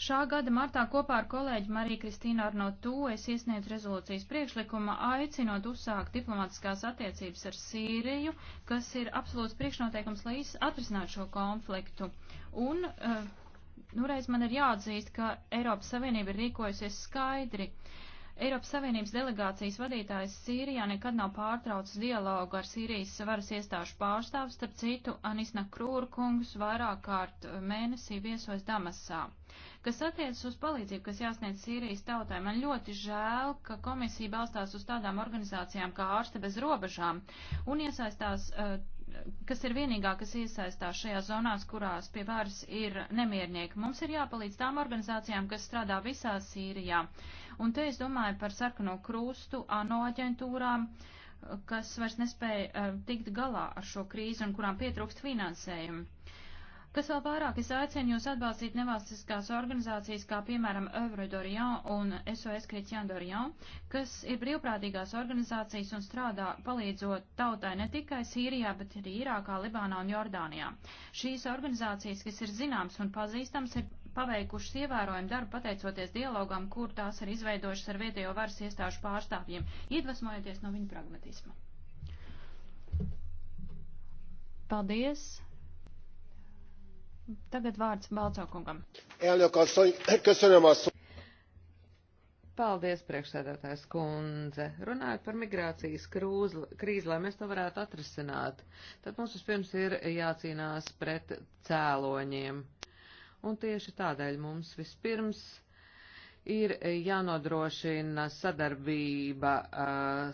Šā gada martā kopā ar kolēģi Mariju Kristīnu Arnotu es iesniedzu rezolūcijas priekšlikuma aicinot uzsākt diplomatiskās attiecības ar Sīriju, kas ir absolūts priekšnoteikums, lai atrisinātu šo konfliktu. Un uh, Nureiz man ir jāatzīst, ka Eiropas Savienība ir rīkojusies skaidri. Eiropas Savienības delegācijas vadītājs Sīrijā nekad nav pārtraucis dialogu ar Sīrijas varas iestāžu pārstāvis, starp citu, Anisna Krūrkungs vairāk kārt uh, mēnesī viesojas Damasā. Kas attiecas uz palīdzību, kas jāsniedz Sīrijas tautai, man ļoti žēl, ka komisija balstās uz tādām organizācijām kā ārste bez robežām un iesaistās uh, kas ir vienīgā, kas iesaistās šajā zonās, kurās pie varas ir nemiernieki. Mums ir jāpalīdz tām organizācijām, kas strādā visā Sīrijā. Un te es domāju par sarkano krūstu, ANO aģentūrām, kas vairs nespēja uh, tikt galā ar šo krīzi un kurām pietrūkst finansējumu. Kas vēl vairāk, es aicinu jūs atbalstīt nevalstiskās organizācijas, kā piemēram Œuvre d'Orient un SOS Christian d'Orient, kas ir brīvprātīgās organizācijas un strādā palīdzot tautai ne tikai Sīrijā, bet arī Irākā, Libānā un Jordānijā. Šīs organizācijas, kas ir zināmas un pazīstams, ir paveikušas ievērojumu darbu pateicoties dialogam, kur tās ir izveidojušas ar vietējo varas iestāžu pārstāvjiem, iedvesmojoties no viņu pragmatisma. Paldies! Tagad vārds Balcaukungam. Elnök asszony, köszönöm a szó. Paldies, priekšsēdētājs kundze. Runājot par migrācijas krūzi, krīzi, lai mēs to varētu atrisināt, tad mums vispirms ir jācīnās pret cēloņiem. Un tieši tādēļ mums vispirms ir jānodrošina sadarbība uh,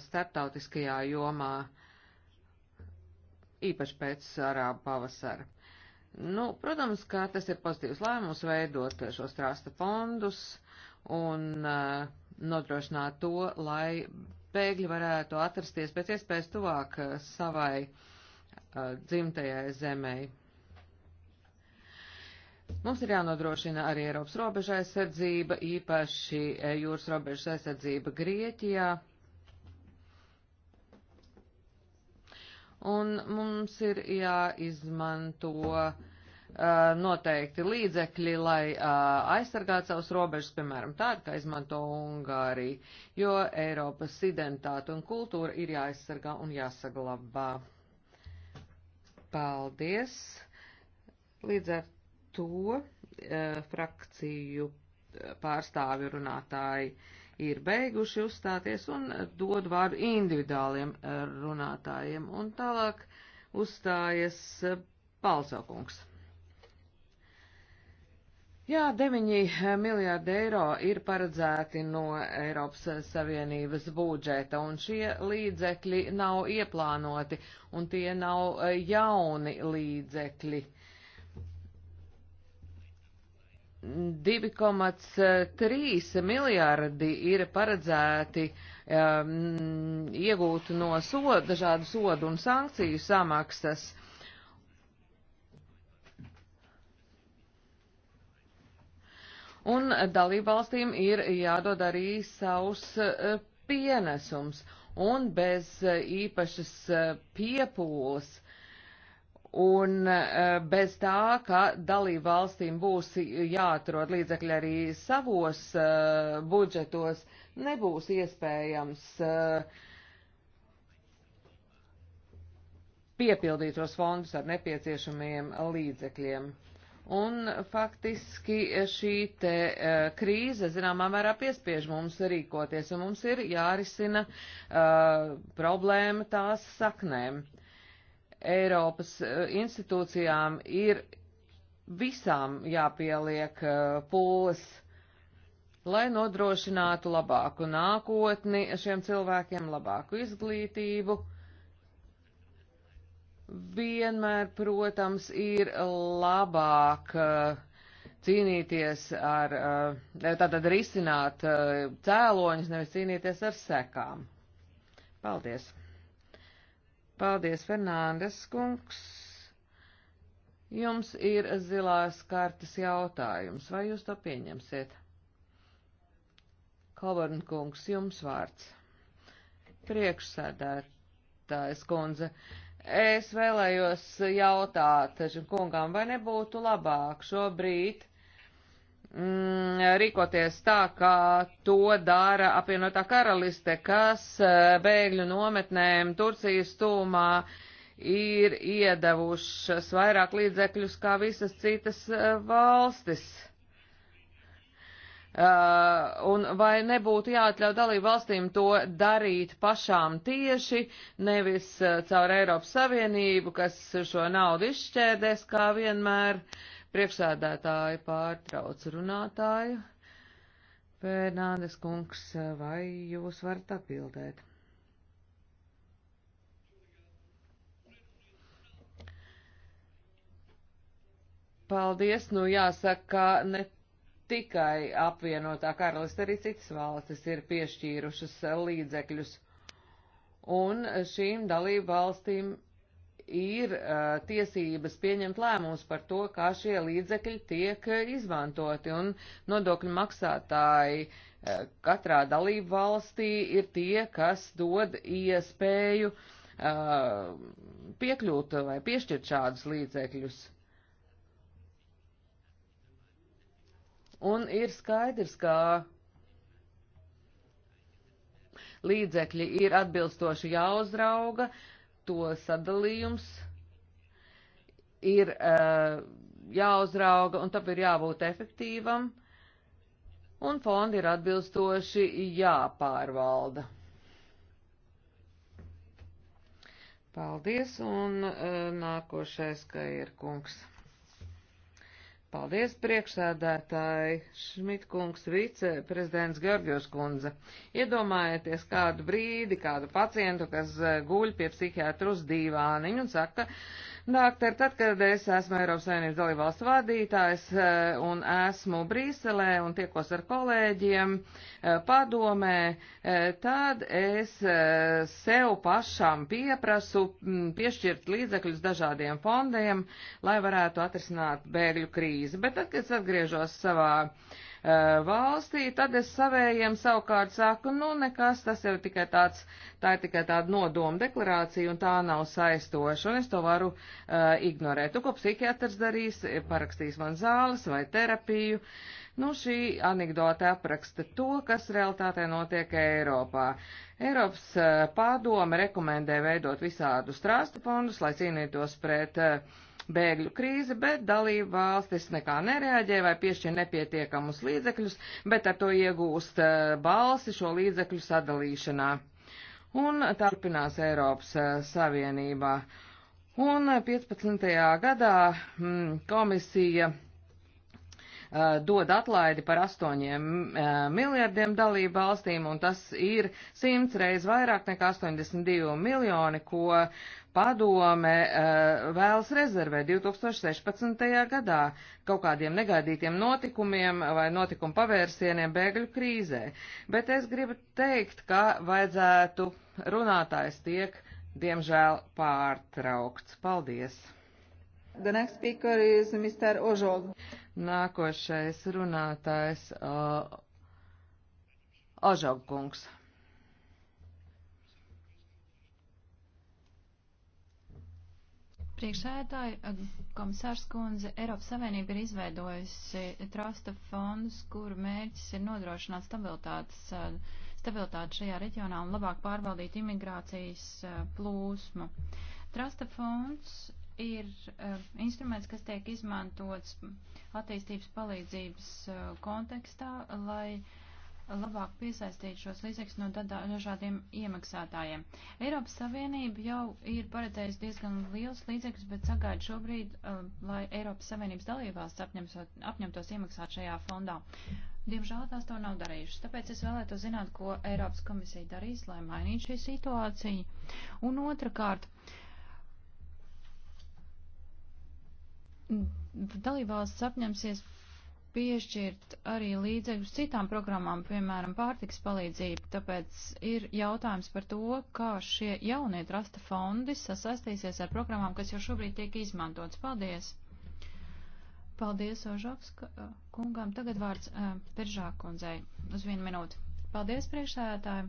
starptautiskajā jomā, īpaši pēc arābu pavasara. Nu, protams, ka tas ir pozitīvs lēmums veidot šos trāsta fondus un uh, nodrošināt to, lai bēgļi varētu atrasties pēc iespējas tuvāk uh, savai uh, dzimtajai zemei. Mums ir jānodrošina arī Eiropas robeža aizsardzība, īpaši jūras robežas aizsardzība Grieķijā. Uh, un mums ir jāizmanto uh, noteikti līdzekļi, lai uh, aizsargātu savus robežas, piemēram, tādu, kā izmanto Ungārija, jo Eiropas identitāte un kultūra ir jāaizsargā un jāsaglabā. Paldies! Līdz ar to uh, frakciju pārstāvi runātāji ir beiguši uzstāties un dod vārdu individuāliem eh, runātājiem. Un tālāk uzstājas eh, Palsaukungs. Jā, 9 eh, miljārdi eiro ir paredzēti no Eiropas Savienības budžeta, un šie līdzekļi nav ieplānoti, un tie nav jauni līdzekļi. 2,3 eh, miljārdi ir paredzēti um, iegūt no soda, dažādu sodu un sankciju samaksas. Un dalībvalstīm ir jādod arī savs eh, pienesums, un bez eh, īpašas piepūles un eh, bez tā, ka dalību valstīm būs jāatrod līdzekļi arī savos uh, budžetos, nebūs iespējams uh, piepildīt tos fondus ar nepieciešamajiem līdzekļiem. Un faktiski šī te uh, krīze, zināmā mērā, piespiež mums rīkoties, un mums ir jārisina problēma tās saknēm. Eiropas eh, institūcijām ir visām jāpieliek eh, pūles, lai nodrošinātu labāku nākotni šiem cilvēkiem, labāku izglītību. Vienmēr, protams, ir labāk eh, cīnīties ar, tātad risināt cēloņus, nevis cīnīties ar sekām. Paldies! Paldies, Fernandes kungs. Jums ir zilās kartas jautājums, vai jūs to pieņemsiet? Kalvarn kungs, jums vārds. Priekšsēdētājs kundze, es vēlējos jautāt kungām, vai nebūtu labāk šobrīd Mm, rīkoties tā, kā to dara apvienotā karaliste, kas e, bēgļu nometnēm Turcijas tūmā ir iedevušas vairāk līdzekļus kā visas citas e, valstis. Uh, un vai nebūtu jāatļauj dalību valstīm to darīt pašām tieši, nevis caur Eiropas Savienību, kas šo naudu izšķēdēs kā vienmēr. Uh, Priekšsēdētāji pārtrauc runātāju. Fernandes kungs, vai jūs varat atbildēt? Paldies, nu jāsaka, ne tikai apvienotā karalista, arī citas valstis ir piešķīrušas līdzekļus. Un šīm dalību valstīm ir uh, tiesības pieņemt lēmumus par to, kā šie līdzekļi tiek uh, izmantoti, un nodokļu maksātāji uh, katrā dalību valstī ir tie, kas dod iespēju uh, piekļūt vai piešķirt šādus līdzekļus. Un ir skaidrs, ka līdzekļi ir atbilstoši jāuzrauga, uh, to sadalījums ir uh, jāuzrauga un tam ir jābūt efektīvam, un fondi ir atbilstoši jāpārvalda. Paldies, un uh, nākošais, ka ir kungs. Paldies, priekšsēdētāji, Šmitkungs, viceprezidents Georgios kundze. Iedomājieties kādu brīdi, kādu pacientu, kas eh, guļ pie psihiatru uz dīvāniņu un saka, ka Nāk ar tad, kad es esmu Eiropas Savienības dalībvalstu vadītājs eh, un esmu Brīselē un tiekos ar kolēģiem eh, padomē, eh, tad es sev pašam pieprasu mm, piešķirt līdzekļus dažādiem fondiem, lai varētu atrisināt bēgļu krīzi. Bet tad, kad es atgriežos savā uh, Uh, valstī, tad es savējiem savukārt saku, nu nekas, tas jau tikai tāds, tā ir tikai tāda nodoma deklarācija un tā nav saistoša, un es to varu uh, ignorēt. Tu, nu, ko psihiatrs darīs, parakstīs man zāles vai terapiju. Nu, šī anekdote apraksta to, kas realitātē notiek Eiropā. Eiropas uh, pārdome rekomendē veidot visādu strāstu fondus, lai cīnītos pret uh, bēgļu krīzi, bet dalība valstis nekā nereaģē vai piešķir nepietiekamus līdzekļus, bet ar to iegūst eh, balsi šo līdzekļu sadalīšanā. Un turpinās Eiropas eh, Savienībā. Un 15. gadā mm, komisija eh, dod atlaidi par 8 miljardiem dalību valstīm, un tas ir 100 reiz vairāk nekā 82 miljoni, ko Padome eh, vēlas rezervēt 2016. gadā kaut kādiem negaidītiem notikumiem vai notikumu pavērsieniem bēgļu krīzē, bet es gribu teikt, ka vajadzētu runātājs tiek, diemžēl, pārtraukts. Paldies! The next speaker is Mr. Ožog. Nākošais runātājs uh, Ožog kungs. Priekšsēdētāji, eh, komisārs kundze, Eiropas Savienība ir izveidojusi trasta fondus, kuru mērķis ir nodrošināt stabilitātes, eh, stabilitāti šajā reģionā un labāk pārvaldīt imigrācijas eh, plūsmu. Trasta fonds ir instruments, kas tiek izmantots attīstības palīdzības kontekstā, lai uh, labāk piesaistīt šos līdzekļus no dažādiem iemaksātājiem. Eiropas Savienība jau ir paredzējusi diezgan liels līdzekļus, bet sagaida šobrīd, uh, lai Eiropas Savienības dalībvalsts apņemtos iemaksāt šajā fondā. Diemžēl tās to nav darījušas, tāpēc es vēlētu zināt, ko Eiropas komisija darīs, lai mainītu šī situācija. Un otrakārt, dalībvalsts apņemsies piešķirt arī līdzekļus citām programmām, piemēram, pārtiks palīdzību, tāpēc ir jautājums par to, kā šie jaunie trasta fondi sasaistīsies ar programmām, kas jau šobrīd tiek izmantotas. Paldies! Paldies, Ožoks eh, kungām. Tagad vārds eh, Peržākundzei uz vienu minūti. Paldies, priekšsēdētāji!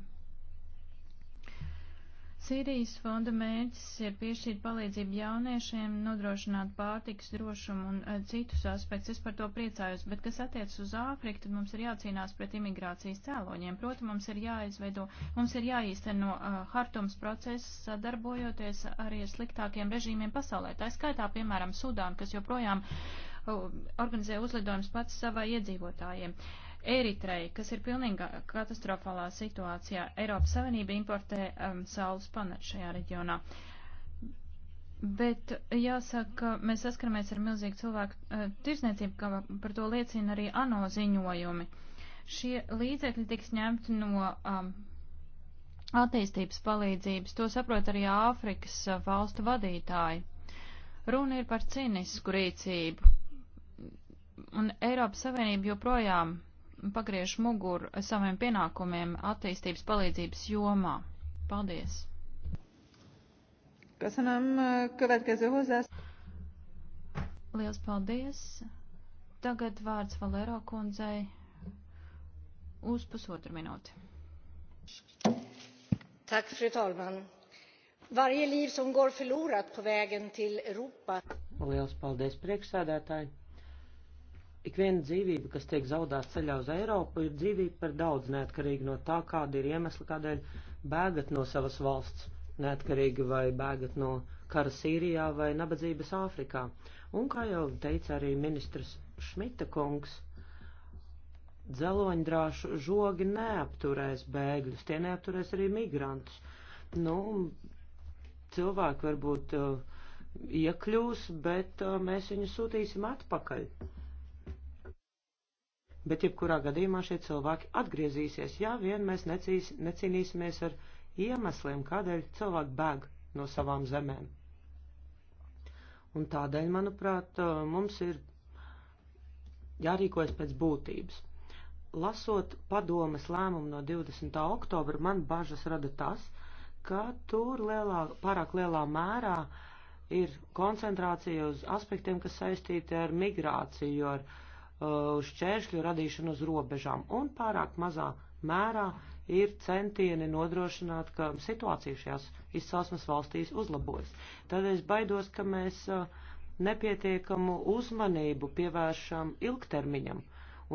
Sīrijas fonda mērķis ir piešķirt palīdzību jauniešiem, nodrošināt pārtikas drošumu un uh, citus aspektus. Es par to priecājos, bet kas attiecas uz Āfriku, tad mums ir jācīnās pret imigrācijas cēloņiem. Proti, mums ir jāizveido, mums ir jāīsteno uh, hartums process, sadarbojoties arī ar sliktākiem režīmiem pasaulē. Tā skaitā, piemēram, Sudāna, kas joprojām uh, organizē uzlidojumus pats savai iedzīvotājiem. Uh, Eritreja, kas ir pilnīgi katastrofālā situācijā. Eiropas Savienība importē um, saules paneļu šajā reģionā. Bet jāsaka, mēs saskaramies ar milzīgu cilvēku uh, tirsniecību, kā par to liecina arī ANO ziņojumi. Šie līdzekļi tiks ņemti no um, attīstības palīdzības, to saprot arī Āfrikas uh, valstu vadītāji. Runa ir par cīnisku rīcību, un Eiropas Savienība joprojām pagriež muguru saviem pienākumiem attīstības palīdzības jomā. Paldies! Köszönöm, eh, következő hozzász. Liels paldies! Tagad vārds Valero kundzei uz pusotru minūti. Tak, fru talman. Varje liv som går förlorat på vägen till Europa. Liels paldies, priekšsēdētāji! Ik viena dzīvība, kas tiek zaudēta ceļā uz Eiropu, ir dzīvība par daudz, neatkarīgi no tā, kāda ir iemesla, kādēļ bēgat no savas valsts, neatkarīgi vai bēgat no kara Sīrijā vai nabadzības Āfrikā. Un, kā jau teica arī ministrs Šmita kungs, dzeloņdrāšu žogi neapturēs bēgļus, tie neapturēs arī migrantus. Nu, cilvēki varbūt uh, iekļūs, bet uh, mēs viņus sūtīsim atpakaļ bet jebkurā gadījumā šie cilvēki atgriezīsies, ja vien mēs necīs, necīnīsimies ar iemesliem, kādēļ cilvēki bēg no savām zemēm. Un tādēļ, manuprāt, mums ir jārīkojas pēc būtības. Lasot padomas lēmumu no 20. oktobra, man bažas rada tas, ka tur lielā, pārāk lielā mērā ir koncentrācija uz aspektiem, kas saistīti ar migrāciju, ar uh, Uh, šķēršļu radīšanu uz robežām, un pārāk mazā mērā ir centieni nodrošināt, ka situācija šajās izcelsmes valstīs uzlabojas. Tad es baidos, ka mēs uh, nepietiekamu uzmanību pievēršam ilgtermiņam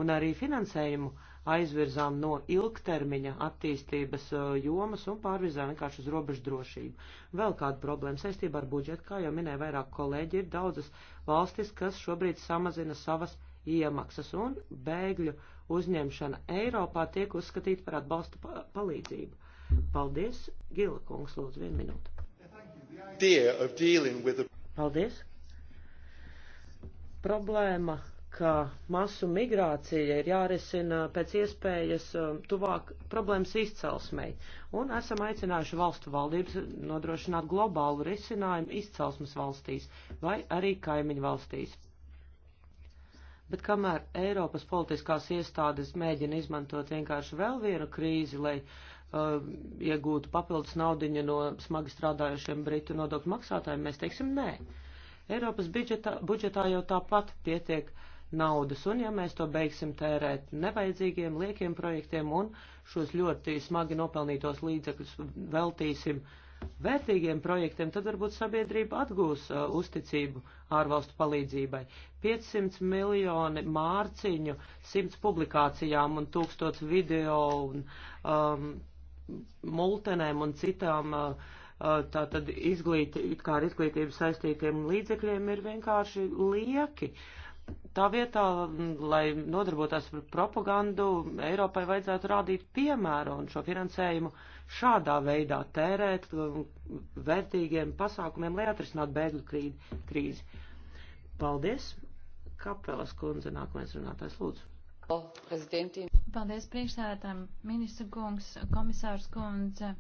un arī finansējumu aizvirzām no ilgtermiņa attīstības uh, jomas un pārvirzām vienkārši uz robežu drošību. Vēl kāda problēma saistībā ar budžetu, kā jau minēja vairāk kolēģi, ir daudzas valstis, kas šobrīd samazina savas iemaksas un bēgļu uzņemšana Eiropā tiek uzskatīta par atbalsta palīdzību. Paldies, Gila kungs, lūdzu, vienu minūtu. Paldies. Problēma ka masu migrācija ir jārisina pēc iespējas um, tuvāk problēmas izcelsmei, un esam aicinājuši valstu valdības nodrošināt globālu risinājumu izcelsmes valstīs vai arī kaimiņu valstīs. Bet kamēr Eiropas politiskās iestādes mēģina izmantot vienkārši vēl vienu krīzi, lai uh, iegūtu papildus naudiņu no smagi strādājušiem britu nodokļu maksātājiem, mēs teiksim nē. Eiropas budžetā, budžetā jau tāpat pietiek uh, naudas, un ja mēs to beigsim tērēt nevajadzīgiem liekiem projektiem un šos ļoti smagi nopelnītos līdzekļus veltīsim uh, vērtīgiem projektiem, tad varbūt sabiedrība atgūs uh, uzticību ārvalstu palīdzībai. 500 miljoni mārciņu, 100 publikācijām un 1000 video un um, multenēm un citām uh, tātad izglīti, kā ar izglītību saistītiem līdzekļiem ir vienkārši lieki. Uh, tā vietā, lai nodarbotos ar propagandu, Eiropai vajadzētu rādīt piemēru un šo finansējumu šādā veidā tērēt vērtīgiem pasākumiem, lai atrisinātu bēgļu krīzi. Paldies! Kapelas kundze, nākamais runātājs, lūdzu. Paldies priekšsēdētājiem, ministra kungs, komisārs kundze.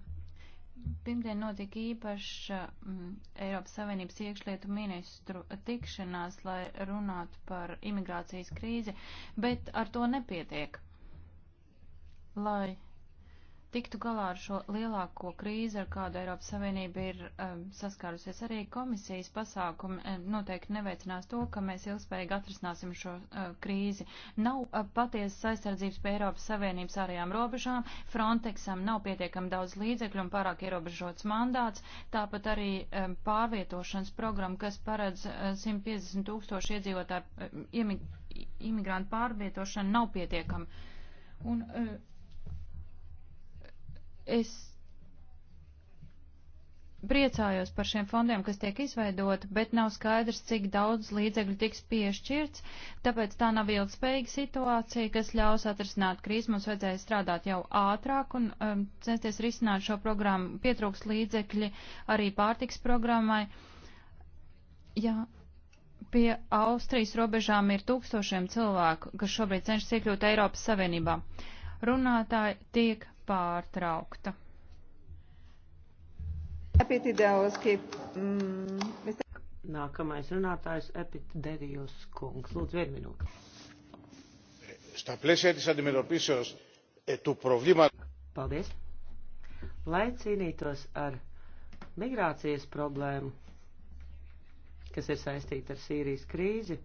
Pirmdien notika īpaša m, mm, Eiropas Savienības iekšlietu ministru tikšanās, lai runātu par imigrācijas krīzi, bet ar to nepietiek. Lai tiktu galā ar šo lielāko krīzi, ar kādu Eiropas Savienība ir um, saskārusies. Arī komisijas pasākumi um, noteikti neveicinās to, ka mēs ilgspējīgi atrisināsim šo uh, krīzi. Nav uh, patiesas aizsardzības pie Eiropas Savienības ārējām robežām, Frontexam nav pietiekami daudz līdzekļu un pārāk ierobežots mandāts, tāpat arī um, pārvietošanas programma, kas paredz uh, 150 tūkstoši iedzīvotāju uh, um, imigrantu pārvietošanu, nav pietiekama. Un, uh, Es priecājos par šiem fondiem, kas tiek izveidoti, bet nav skaidrs, cik daudz līdzekļu tiks piešķirts, tāpēc tā nav ilgspējīga situācija, kas ļaus atrisināt krīzi. Mums vajadzēja strādāt jau ātrāk un um, censties risināt šo programmu. Pietrūks līdzekļi arī pārtiks programmai. Jā, pie Austrijas robežām ir tūkstošiem cilvēku, kas šobrīd cenšas iekļūt Eiropas Savienībā. Runātāji tiek pārtraukta. Epitideos, kaip, mm, Nākamais runātājs Epitidējos kungs. Lūdzu, vienu minūti. Στα πλαίσια της αντιμετωπίσεως ε, του προβλήματος... Paldies. Lai cīnītos ar migrācijas problēmu, kas ir saistīta ar Sīrijas krīzi,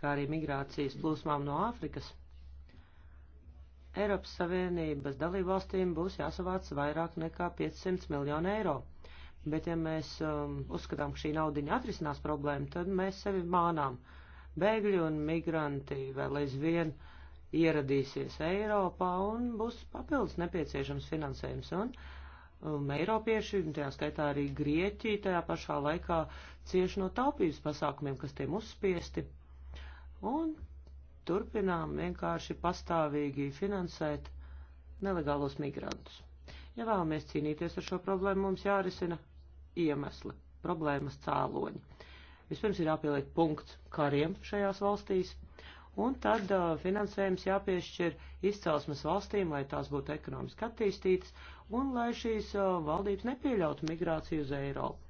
kā arī migrācijas plūsmām no Āfrikas. Eiropas Savienības dalībvalstīm būs jāsavāc vairāk nekā 500 miljonu eiro. Bet ja mēs um, uzskatām, ka šī naudiņa atrisinās problēmu, tad mēs sevi mānām. Bēgļi un migranti vēl aizvien ieradīsies Eiropā un būs papildus nepieciešams finansējums. Un, um, Eiropieši, tajā skaitā arī Grieķi, tajā pašā laikā cieši no taupības pasākumiem, kas tiem uzspiesti. Un turpinām vienkārši pastāvīgi finansēt nelegālos migrantus. Ja vēlamies cīnīties ar šo problēmu, mums jārisina iemesli, problēmas cēloņi. Vispirms ir jāpieliek punkts kariem šajās valstīs, un tad uh, finansējums jāpiešķir izcelsmes valstīm, lai tās būtu ekonomiski attīstītas, un lai šīs uh, valdības nepieļautu migrāciju uz Eiropu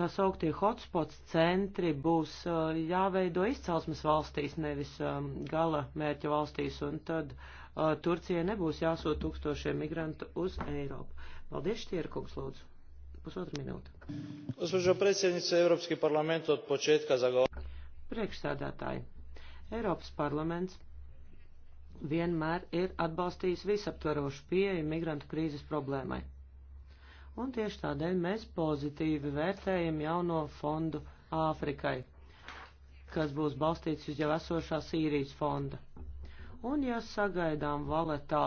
tā sauktie hotspots centri būs uh, jāveido izcelsmes valstīs, nevis um, gala mērķa valstīs, un tad uh, Turcijai nebūs jāsūt tūkstošiem migrantu uz Eiropu. Paldies, Štierkungs, lūdzu. Pusotra minūte. Uzvažo predsjednice Europski parlament od početka zagovara. Priekšsēdētāji, Eiropas parlaments vienmēr ir atbalstījis visaptverošu pieeju migrantu krīzes problēmai. Un tieši tādēļ mēs pozitīvi vērtējam jauno fondu Āfrikai, kas būs balstīts uz jau esošā Sīrijas fonda. Un, ja sagaidām valetā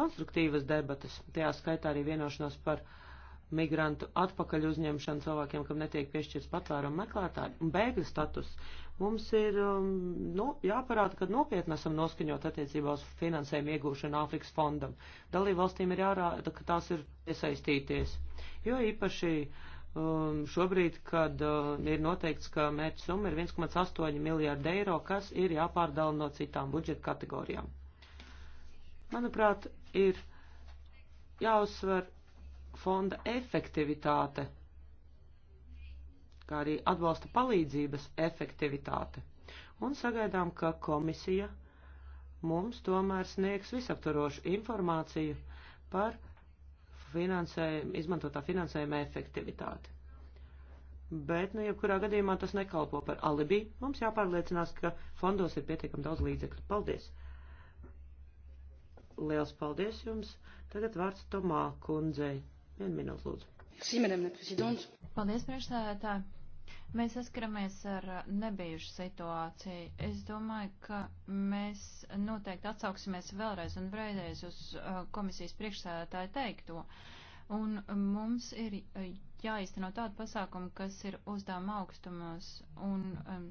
konstruktīvas debatas, tajā skaitā arī vienošanās par uh, migrantu atpakaļ uzņemšanu cilvēkiem, kam netiek piešķirts patvērumu meklētāju un bēgļu status. Mums ir um, no, nu, jāparāda, ka nopietni esam noskaņot attiecībā uz finansējumu iegūšanu Āfrikas fondam. Dalību valstīm ir jārāda, ka tās ir iesaistīties. Jo īpaši um, šobrīd, kad uh, ir noteikts, ka mērķa summa ir 1,8 miljārda eiro, kas ir jāpārdala no citām budžeta kategorijām. Manuprāt, ir jāuzsver fonda efektivitāte, kā arī atbalsta palīdzības efektivitāte. Un sagaidām, ka komisija mums tomēr sniegs visaptvarošu informāciju par finansējumu, izmantotā finansējuma efektivitāti. Bet, nu, jebkurā gadījumā tas nekalpo par alibi. Mums jāpārliecinās, ka fondos ir pietiekami daudz līdzekļu. Paldies! Liels paldies jums! Tagad vārds Tomā kundzei. Vienu minūtu, lūdzu. Paldies, priekšstādātāji. Mēs saskaramies ar nebijušu situāciju. Es domāju, ka mēs noteikti atsauksimies vēlreiz un vēlreiz uz uh, komisijas priekšsēdētāju teikto. Un mums ir jāizteno tādu pasākumu, kas ir uzdevuma augstumos. Un um,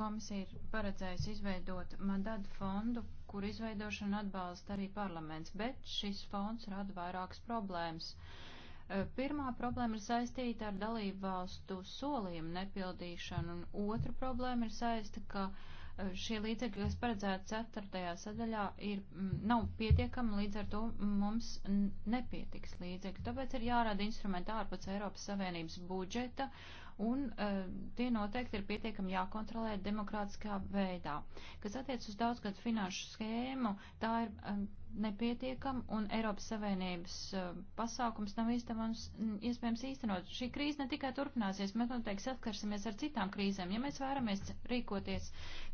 komisija ir paredzējusi izveidot mandātu fondu, kur izveidošanu atbalsta arī parlaments, bet šis fonds rada vairākas problēmas. E, pirmā problēma ir saistīta ar dalību valstu solījumu nepildīšanu, un otra problēma ir saista, ka e, šie līdzekļi, kas paredzēti ceturtajā sadaļā, ir, nav pietiekami, līdz ar to mums nepietiks līdzekļi. Tāpēc ir jārada instrumenti ārpus Eiropas Savienības budžeta, uh, un uh, tie noteikti ir pietiekami jākontrolē demokrātiskā veidā. Kas attiec uz daudzgadu finanšu schēmu, tā ir um, nepietiekama un Eiropas Savienības uh, pasākums nav izdevams, iespējams īstenot. Šī krīze ne tikai turpināsies, bet noteikti saskarsimies ar citām krīzēm. Ja mēs vēramies rīkoties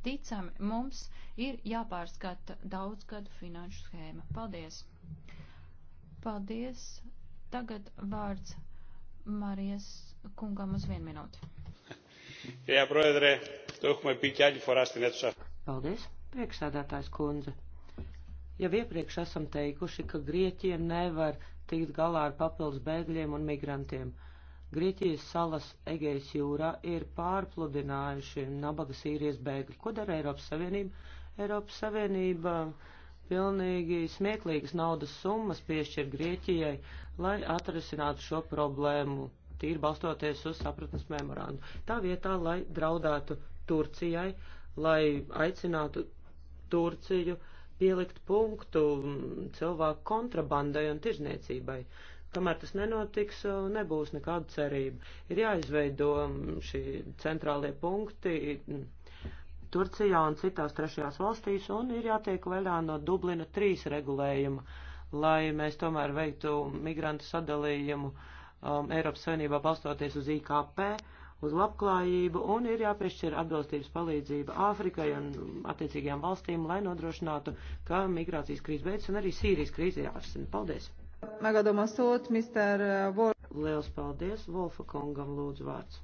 ticami, mums ir jāpārskata daudzgadu finanšu schēma. Paldies! Paldies! Tagad vārds Marijas kungam uz vienu minūti. Jā, proedrē, tu man bija ķaļi forāsti netusā. Paldies, priekšsēdētājs kundze. Jau iepriekš esam teikuši, ka Grieķija nevar tikt galā ar papildus bēgļiem un migrantiem. Grieķijas salas Egejas jūrā ir pārpludinājuši nabaga Sīrijas bēgļi. Ko dara Eiropas Savienība? Eiropas Savienība uh, pilnīgi smieklīgas naudas summas piešķir Grieķijai, lai atrisinātu šo problēmu, tīri balstoties uz sapratnes memorandu. Tā vietā, lai draudētu Turcijai, lai aicinātu Turciju pielikt punktu cilvēku kontrabandai un tirzniecībai. Kamēr tas nenotiks, nebūs nekāda cerība. Ir jāizveido šī centrālie punkti Turcijā un citās trešajās valstīs, un ir jātiek vaļā no Dublina 3 regulējuma, lai mēs tomēr veiktu migrantu sadalījumu um, Eiropas Savienībā balstoties uz IKP, uz labklājību, un ir jāpiešķir atbilstības palīdzība Āfrikai un attiecīgajām valstīm, lai nodrošinātu, ka migrācijas krīze beidzas un arī Sīrijas krīze jārisina. Paldies! Megadoma sūt, Mr. Wolf. Uh, Liels paldies, Wolfa kungam lūdzu vārds.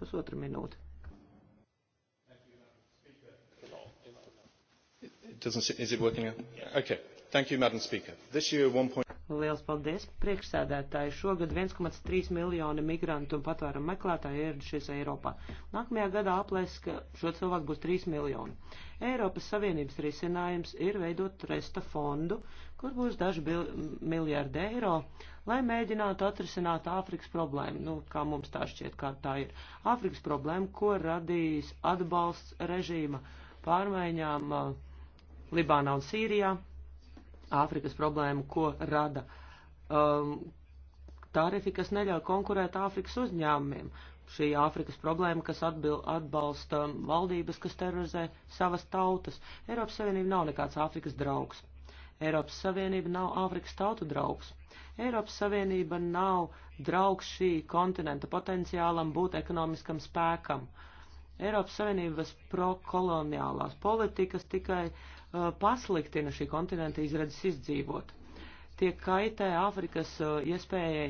Pusotra minūte. Doesn't, is it working? Okay. Thank you, Madam Speaker. This year, 1. Point... Liels paldies, priekšsēdētāji. Šogad 1,3 miljoni migrantu un patvērumu meklētāju ieradušies Eiropā. Nākamajā gadā aplēs, ka šo cilvēku būs 3 miljoni. Eiropas Savienības risinājums ir veidot tresta fondu, kur būs daži miljārdi eiro, lai mēģinātu atrisināt Āfrikas problēmu, nu, kā mums tā šķiet, kā tā ir. Āfrikas problēma, ko radīs atbalsts režīma pārmaiņām. Uh, Libānā un Sīrijā, Āfrikas problēmu, ko rada um, tarifi, kas neļauj konkurēt Āfrikas uzņēmumiem. Šī Āfrikas problēma, kas atbil, atbalsta valdības, kas terorizē savas tautas. Eiropas Savienība nav nekāds Āfrikas draugs. Eiropas Savienība nav Āfrikas tautu draugs. Eiropas Savienība nav draugs šī kontinenta potenciālam būt ekonomiskam spēkam. Eiropas Savienības prokoloniālās politikas tikai Uh, pasliktina šī kontinenta izredzes izdzīvot. Tie kaitē Āfrikas uh, iespējai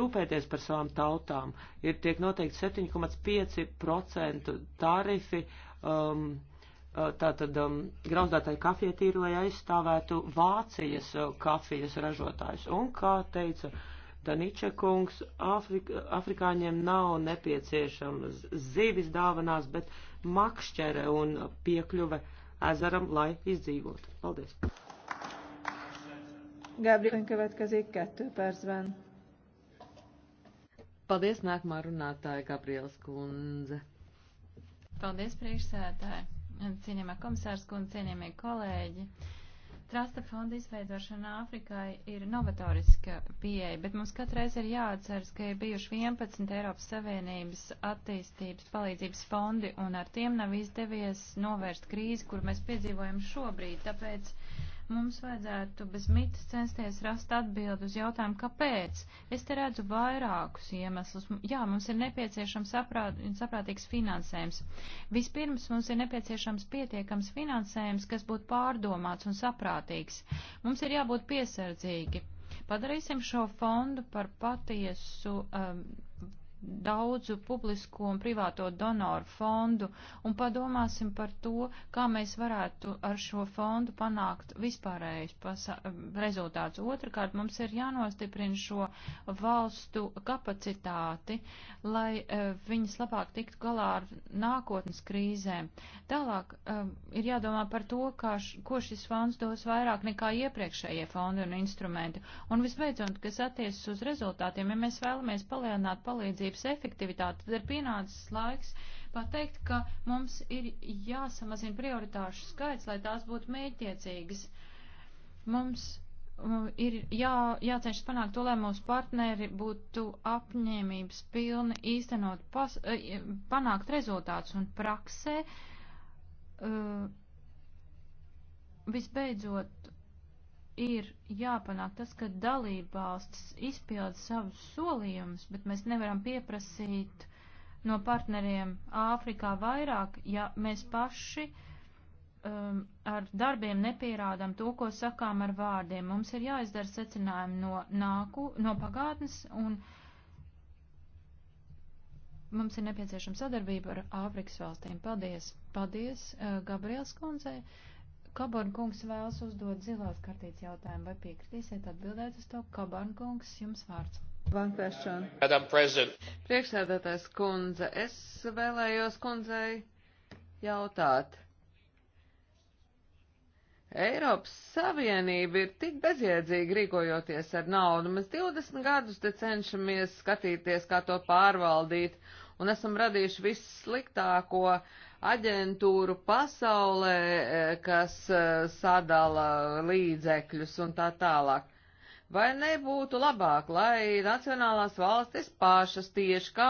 rūpēties par savām tautām. Ir tiek noteikti 7,5% tarifi, um, uh, tātad um, grauzdātāji kafietīri, lai aizstāvētu Vācijas kafijas ražotājus. Un, kā teica Daniče kungs, Afrika, afrikāņiem nav nepieciešams zivis dāvanās, bet makšķere un piekļuve uh, ezeram, lai izdzīvotu. Paldies! Gabriela következik kettő percben. Paldies, nākamā runātāja Gabrielas kundze. Paldies, priekšsētāji, cienījamā komisārs kundze, cienījamie kolēģi. Trasta fonda izveidošana Āfrikai ir novatoriska pieeja, bet mums katreiz ir jāatceras, ka ir bijuši 11 Eiropas Savienības attīstības palīdzības fondi, un ar tiem nav izdevies novērst krīzi, kur mēs piedzīvojam šobrīd. Tāpēc Mums vajadzētu bez mitas censties rast atbildi uz jautājumu, kāpēc. Es te redzu vairākus iemeslus. Jā, mums ir nepieciešams saprāt, saprātīgs finansējums. Vispirms mums ir nepieciešams pietiekams finansējums, kas būtu pārdomāts un saprātīgs. Mums ir jābūt piesardzīgi. Padarīsim šo fondu par patiesu. Um, daudzu publisko un privāto donoru fondu un padomāsim par to, kā mēs varētu ar šo fondu panākt vispārējais rezultāts. Otrakārt, mums ir jānostiprina šo valstu kapacitāti, lai uh, viņas labāk tiktu galā ar nākotnes krīzēm. Tālāk uh, ir jādomā par to, kā, š, ko šis fonds dos vairāk nekā iepriekšējie fondi un instrumenti. Un visbeidzot, kas attiecas uz rezultātiem, ja mēs vēlamies palielināt palīdzību, aizsardzības efektivitāti, tad ir pienācis laiks pateikt, ka mums ir jāsamazina prioritāšu skaits, lai tās būtu mēķiecīgas. Mums mm, ir jā, jācenšas panākt to, lai mūsu partneri būtu apņēmības pilni īstenot, pas, e, panākt rezultātus un praksē. Uh, visbeidzot, ir jāpanāk tas, ka dalībvalstis izpilda savus solījumus, bet mēs nevaram pieprasīt no partneriem Āfrikā vairāk, ja mēs paši um, ar darbiem nepierādām to, ko sakām ar vārdiem. Mums ir jāizdara secinājumi no, nāku, no pagātnes un mums ir nepieciešama sadarbība ar Āfrikas valstīm. Paldies! Paldies, uh, Gabriels kundzei! Kabankungs vēlas uzdot zilās kartītes jautājumu. Vai piekritīsiet atbildēt uz to? Kabankungs, jums vārds. Priekšsēdētājs kundze, es vēlējos kundzei jautāt. Eiropas Savienība ir tik bezjēdzīgi rīkojoties ar naudu. Mēs 20 gadus te cenšamies skatīties, kā to pārvaldīt, un esam radījuši vissliktāko uh, aģentūru pasaulē, e, kas e, sadala līdzekļus un tā tālāk. Vai nebūtu labāk, lai nacionālās valstis pašas tieši kā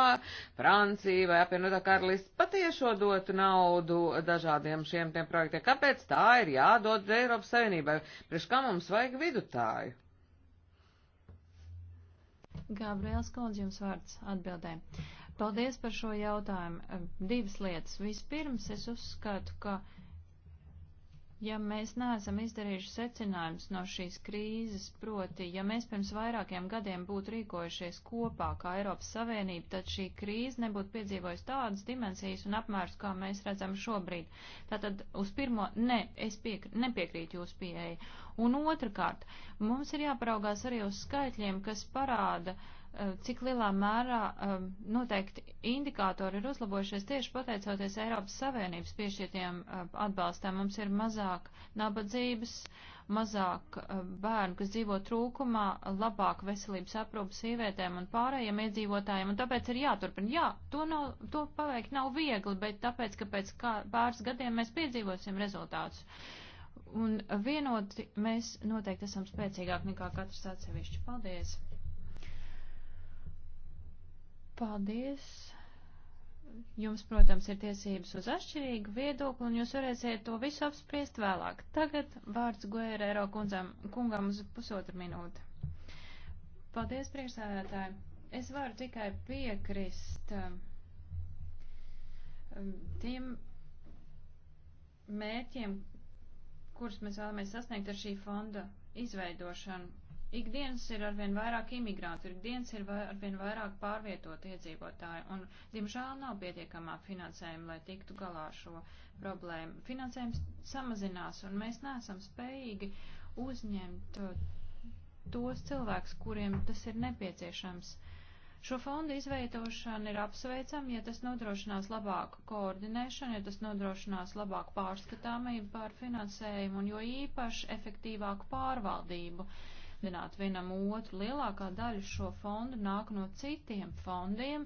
Francija vai apvienotā karalists patiešo dotu naudu dažādiem šiem tiem projektiem? Kāpēc tā ir jādod Eiropas Savienībai? Priekš kā mums vajag vidutāju? Gabriels Kondz jums vārds atbildē. Paldies par šo jautājumu. Divas lietas. Vispirms es uzskatu, ka, ja mēs neesam izdarījuši secinājumus no šīs krīzes, proti, ja mēs pirms vairākiem gadiem būtu rīkojušies kopā kā Eiropas Savienība, tad šī krīze nebūtu piedzīvojusi tādas dimensijas un apmērs, kā mēs redzam šobrīd. Tātad uz pirmo, ne, es piek, nepiekrītu jūsu pieeja. Un otrkārt, mums ir jāparaugās arī uz skaitļiem, kas parāda, uh, Eh, cik lielā mērā eh, noteikti indikātori ir uzlabojušies tieši pateicoties Eiropas Savienības piešķirtiem eh, atbalstam. Mums ir mazāk nabadzības, mazāk bērnu, kas dzīvo trūkumā, labāk veselības aprūpas sīvētēm un pārējiem iedzīvotājiem, un tāpēc ir jāturpina. Jā, to, nav, to paveikt nav viegli, bet tāpēc, ka pēc kā, pāris gadiem mēs piedzīvosim rezultātus. Un vienoti mēs noteikti esam spēcīgāki nekā katrs atsevišķi. Paldies! Paldies! Jums, protams, ir tiesības uz atšķirīgu viedokli, un jūs varēsiet to visu apspriest vēlāk. Tagad vārds Guerrero kungam uz pusotru minūti. Paldies, priekšsēdētāji! Es varu tikai piekrist um, um, tiem mērķiem, kurus mēs vēlamies sasniegt ar šī fonda izveidošanu. Ikdienas ir arvien vairāk imigrantu, ikdienas ir vai, arvien vairāk pārvietot iedzīvotāju, un, diemžēl, nav pietiekamā finansējuma, lai tiktu galā ar šo problēmu. Finansējums samazinās, un mēs neesam spējīgi uzņemt uh, tos cilvēkus, kuriem tas ir nepieciešams. Šo fondu izveidošana ir apsveicama, ja tas nodrošinās labāku koordinēšanu, ja tas nodrošinās labāku pārskatāmību pār finansējumu un jo īpaši efektīvāku pārvaldību. Uh, papildināt vienam otru. Lielākā daļa šo fondu nāk no citiem fondiem,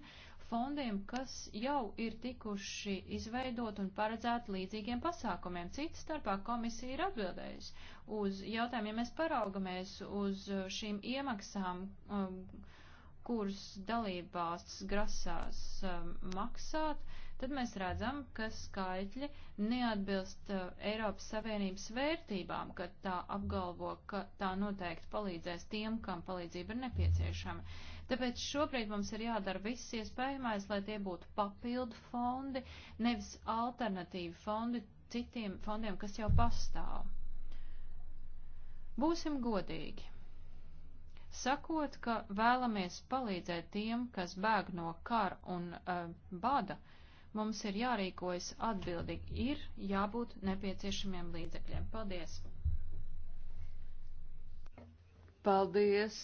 fondiem, kas jau ir tikuši izveidot un paredzēt līdzīgiem pasākumiem. Cits starpā komisija ir atbildējusi uz jautājumu, ja mēs paraugamies uz šīm iemaksām, um, kuras dalībās grasās um, maksāt, tad mēs redzam, ka skaitļi neatbilst uh, Eiropas Savienības vērtībām, ka tā apgalvo, ka tā noteikti palīdzēs tiem, kam palīdzība ir nepieciešama. Tāpēc šobrīd mums ir jādara viss iespējamais, lai tie būtu papildu fondi, nevis alternatīvi fondi citiem fondiem, kas jau pastāv. Būsim godīgi. Sakot, ka vēlamies palīdzēt tiem, kas bēg no kara un uh, bada, uh, Mums ir jārīkojas atbildīgi, ir jābūt nepieciešamiem līdzekļiem. Paldies! Paldies,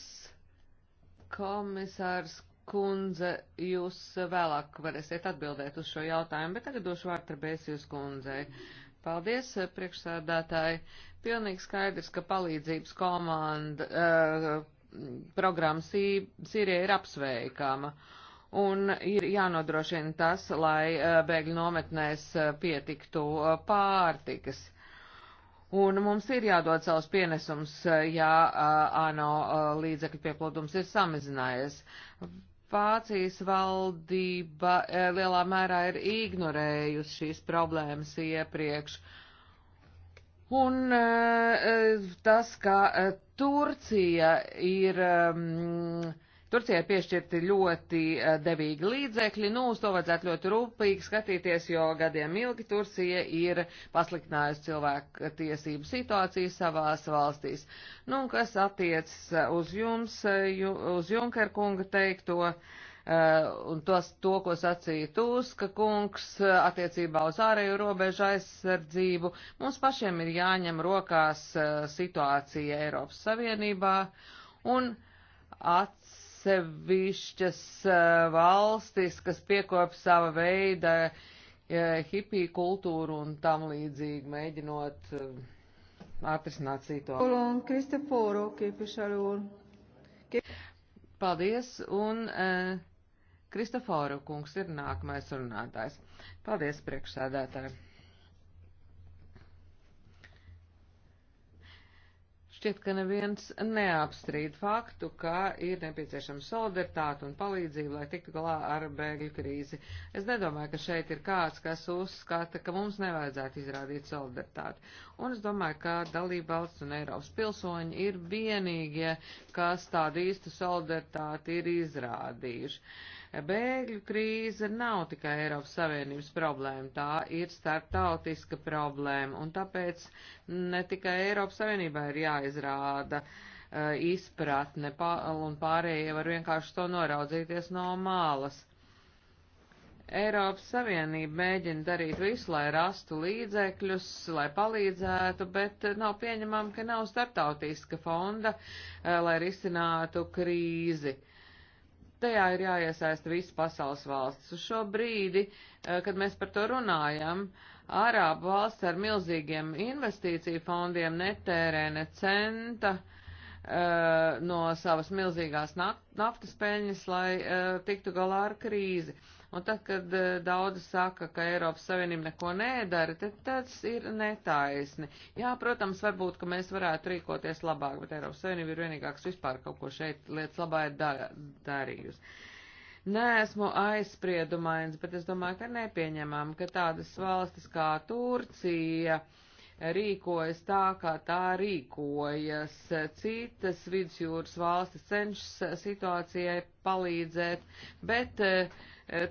komisārs kundze, jūs vēlāk varēsiet atbildēt uz šo jautājumu, bet tagad došu vārtu Bēsijas kundzei. Paldies, priekšsēdētāji. Pilnīgi skaidrs, ka palīdzības komanda, eh, programma Sīrijai ir apsveikama. Uh, un ir jānodrošina tas, lai eh, bēgļu nometnēs eh, pietiktu eh, pārtikas. Un mums ir jādod savus pienesums, ja ANO līdzekļu pieplūdums ir samazinājies. Vācijas valdība lielā mērā ir ignorējusi šīs problēmas iepriekš. Un tas, ka Turcija ir. Um, Turcijai piešķirti ļoti eh, devīgi līdzekļi, nu, uz to vajadzētu ļoti rūpīgi skatīties, jo gadiem ilgi Turcija ir pasliktinājusi cilvēku tiesību situāciju savās valstīs. Nu, un kas attiecas eh, uz jums, eh, ju, uz Junker kunga teikto, un tos, to, ko sacīja Tuska kungs attiecībā uz ārēju robežu aizsardzību, mums pašiem ir jāņem rokās situācija Eiropas Savienībā un at, atsevišķas eh, valstis, kas piekop sava veida eh, hipiju kultūru un tam līdzīgi mēģinot eh, atrisināt situāciju. Paldies, un Kristoforu kungs ir nākamais runātājs. Paldies, priekšsēdētāji. Šķiet, ka neviens neapstrīd faktu, ka ir nepieciešama solidaritāte un palīdzība, lai tiktu galā ar bēgļu krīzi. Es nedomāju, ka šeit ir kāds, kas uzskata, ka mums nevajadzētu izrādīt solidaritāti. Un es domāju, ka dalībvalsts un Eiropas pilsoņi ir vienīgie, kas tādu īstu solidaritāti ir izrādījuši. Bēgļu krīze nav tikai Eiropas Savienības problēma, tā ir starptautiska problēma, un tāpēc ne tikai Eiropas Savienībā ir jāizrāda uh, izpratne, un pārējie var vienkārši to noraudzīties no malas Eiropas Savienība mēģina darīt visu, lai rastu līdzekļus, lai palīdzētu, bet eh, nav pieņemama, ka nav startautiska fonda, eh, lai risinātu krīzi. Tajā ir jāiesaista visas pasaules valsts. Uz šo brīdi, eh, kad mēs par to runājam, Ārābu valsts ar milzīgiem investīciju fondiem netērē ne centa no savas milzīgās naftas peļņas, lai tiktu galā ar krīzi Un tad, kad e, daudzi saka, ka Eiropas Savienība neko nedara, tad tas ir netaisni. Jā, protams, varbūt, ka mēs varētu rīkoties labāk, bet Eiropas Savienība ir vienīgāks vispār kaut ko šeit lietas labā ir dar darījusi. Neesmu aizspriedumains, bet es domāju, ka nepieņemam, ka tādas valstis kā Turcija, rīkojas tā, kā tā rīkojas. Citas vidusjūras valstis cenšas situācijai palīdzēt, bet uh,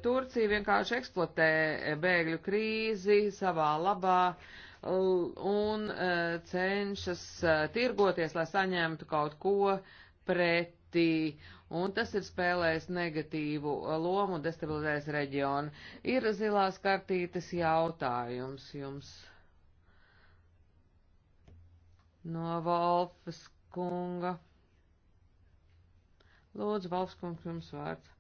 Turcija vienkārši eksploatē bēgļu krīzi savā labā un eh, cenšas eh, tirgoties, lai saņemtu kaut ko pretī. Un tas ir spēlējis negatīvu eh, lomu un destabilizējis reģionu. Ir zilās kartītes jautājums jums no Valfas kunga. Lūdzu, Valfas kungs, jums vārds.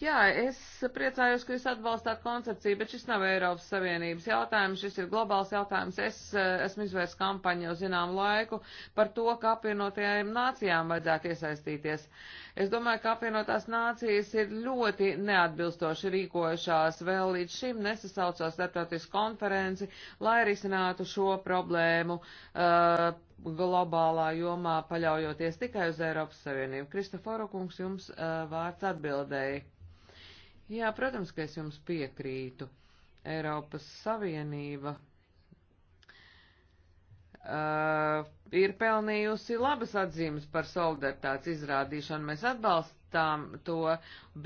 Jā, es priecājos, ka jūs atbalstāt koncepciju, bet šis nav Eiropas Savienības jautājums, šis ir globāls jautājums. Es eh, esmu izvērst kampaņu jau zinām laiku par to, ka apvienotajām nācijām vajadzētu iesaistīties. Es domāju, ka apvienotās nācijas ir ļoti neatbilstoši rīkojušās, vēl līdz šim nesasaucās starptautisku konferenci, lai risinātu šo problēmu. Uh, globālā jomā paļaujoties tikai uz Eiropas Savienību. Kristoforu kungs jums uh, vārds atbildēja. Jā, protams, ka es jums piekrītu. Eiropas Savienība uh, ir pelnījusi labas atzīmes par solidaritātes izrādīšanu. Mēs atbalstām to,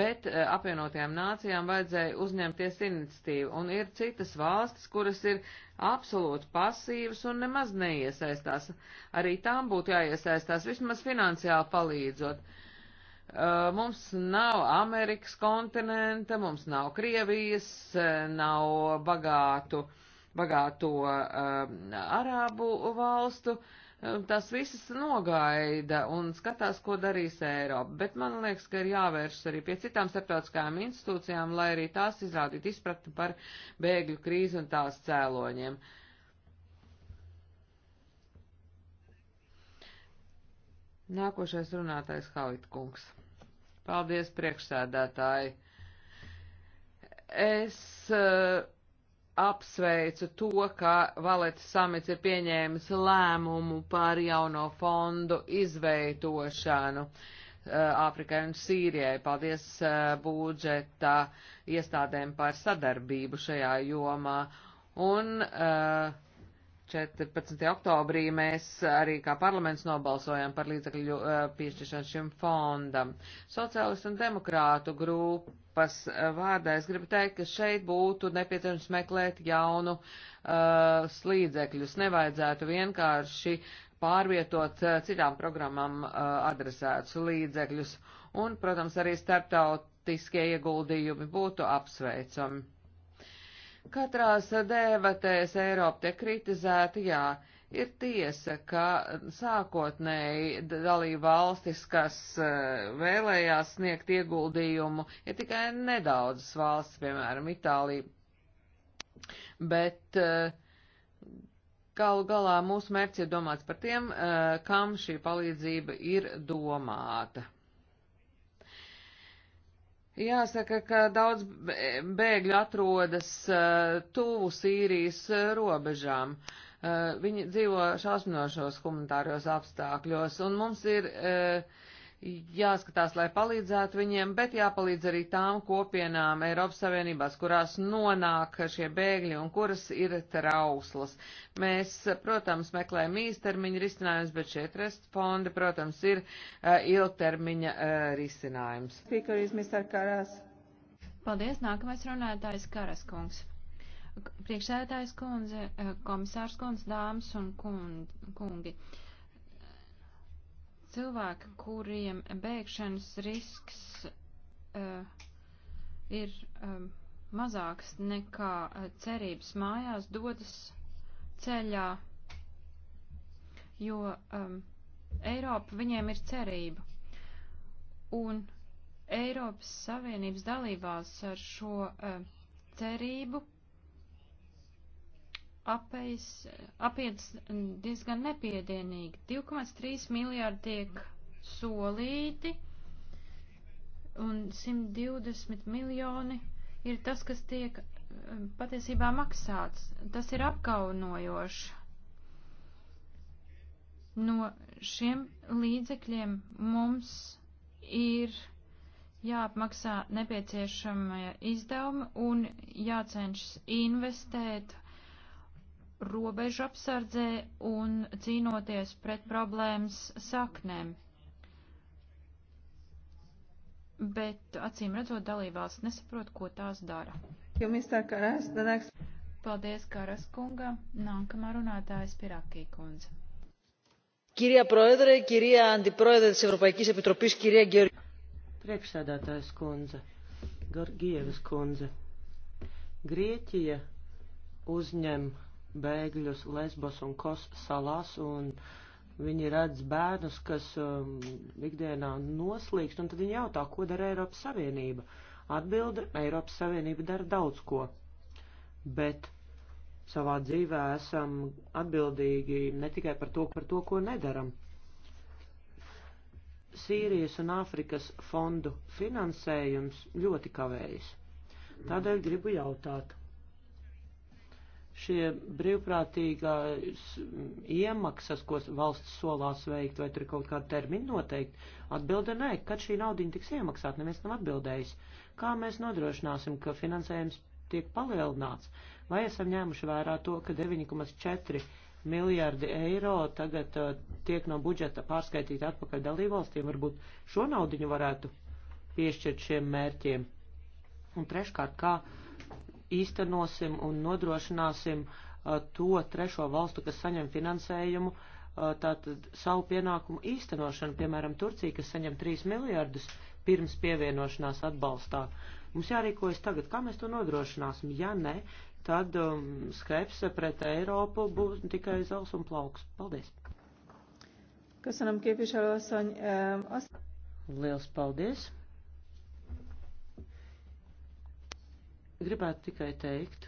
bet uh, apvienotajām nācijām vajadzēja uzņemties iniciatīvu. Un ir citas valstis, kuras ir absolūti pasīvas un nemaz neiesaistās. Arī tām būtu jāiesaistās, vismaz finansiāli palīdzot. Uh, Uh, mums nav Amerikas kontinenta, mums nav Krievijas, uh, nav bagātu, bagāto uh, Arābu valstu. Uh, tas viss nogaida un skatās, ko darīs Eiropa, bet man liekas, ka ir jāvēršas arī pie citām starptautiskajām institūcijām, lai arī tās izrādītu izpratni par bēgļu krīzi un tās cēloņiem. Uh, Nākošais runātais Halit kungs. Paldies, priekšsēdētāji. Es uh, apsveicu to, ka Valets samits ir pieņēmis lēmumu par jauno fondu izveidošanu. Eh, Āfrikai un Sīrijai. Paldies uh, budžeta iestādēm par sadarbību šajā jomā. Un uh, 14. oktobrī mēs arī kā parlaments nobalsojam par līdzakļu uh, eh, piešķiršanu šim fondam. Sociālistu un demokrātu grupas vārdā es gribu teikt, ka šeit būtu nepieciešams meklēt jaunu uh, slīdzekļus. Nevajadzētu vienkārši pārvietot uh, citām programmām uh, adresētus līdzekļus. Un, protams, arī starptautiskie ieguldījumi būtu apsveicami. Katrās debatēs Eiropa tiek kritizēta, jā, ir tiesa, ka sākotnēji dalība valstis, kas eh, vēlējās sniegt ieguldījumu, ir tikai nedaudzas valstis, piemēram, Itālija. Bet eh, galu galā mūsu mērķis ir domāts par tiem, eh, kam šī palīdzība ir domāta. Jāsaka, ka daudz bēgļu atrodas uh, tuvu Sīrijas eh, robežām. Uh, viņi dzīvo šausminošos humanitāros apstākļos, un mums ir uh, jāskatās, lai palīdzētu viņiem, bet jāpalīdz arī tām kopienām Eiropas Savienībās, kurās nonāk šie bēgļi un kuras ir trauslas. Mēs, protams, meklējam īstermiņa risinājumus, bet šie trust fondi, protams, ir uh, ilgtermiņa uh, risinājums. Paldies, nākamais runātājs Karas kungs. Priekšsēdētājs kundze, eh, komisārs kundze, dāmas un kungi. Uh, cilvēki, kuriem bēgšanas risks uh, ir um, mazāks nekā uh, cerības mājās, dodas ceļā, jo um, Eiropa viņiem ir cerība. Un Eiropas Savienības dalībās ar šo uh, cerību apējas, apietas diezgan nepiedienīgi. 2,3 miljārdi tiek solīti un 120 miljoni ir tas, kas tiek um, patiesībā maksāts. Tas ir apkaunojoši. No šiem līdzekļiem mums ir jāapmaksā nepieciešamie izdevumi un jācenšas investēt uh, robežu apsardzē un cīnoties pret problēmas saknēm. Bet, acīm redzot, dalībvalsts nesaprot, ko tās dara. Paldies, Kāras kunga. Nākamā runātājas Pirakī kundze. Kirjā proedre, kirjā antiproedre des Europaikīs Epitropīs, kirjā Georgi. Priekšsēdētājs kundze, Gorgievas kundze. Grieķija uzņem bēgļus Lesbos un Kos salās, un viņi redz bērnus, kas um, ikdienā noslīkst, un tad viņi jautā, ko dara Eiropas Savienība. Atbilde - Eiropas Savienība dara daudz ko, bet savā dzīvē esam atbildīgi ne tikai par to, par to, ko nedaram. Sīrijas un Āfrikas fondu finansējums ļoti kavējas. Tādēļ gribu jautāt, šie brīvprātīgās iemaksas, ko valsts solās veikt, vai tur ir kaut kāda termiņa noteikti? Atbilde nē, kad šī naudiņa tiks iemaksāta, neviens nav atbildējis. Kā mēs nodrošināsim, ka finansējums tiek palielināts? Vai esam ņēmuši vērā to, ka 9,4 miljardi eiro tagad uh, tiek no budžeta pārskaitīti atpakaļ dalībvalstīm? Varbūt šo naudiņu varētu piešķirt šiem mērķiem? Un treškārt, kā īstenosim un nodrošināsim uh, to trešo valstu, kas saņem finansējumu, uh, tātad savu pienākumu īstenošanu, piemēram, Turcija, kas saņem 3 miljārdus pirms pievienošanās atbalstā. Mums jārīkojas tagad, kā mēs to nodrošināsim, ja ne, tad um, skepse pret Eiropu būs tikai zels un plauks. Paldies! Köszönöm képviselő asszony. Azt... Liels paldies! Gribētu tikai teikt,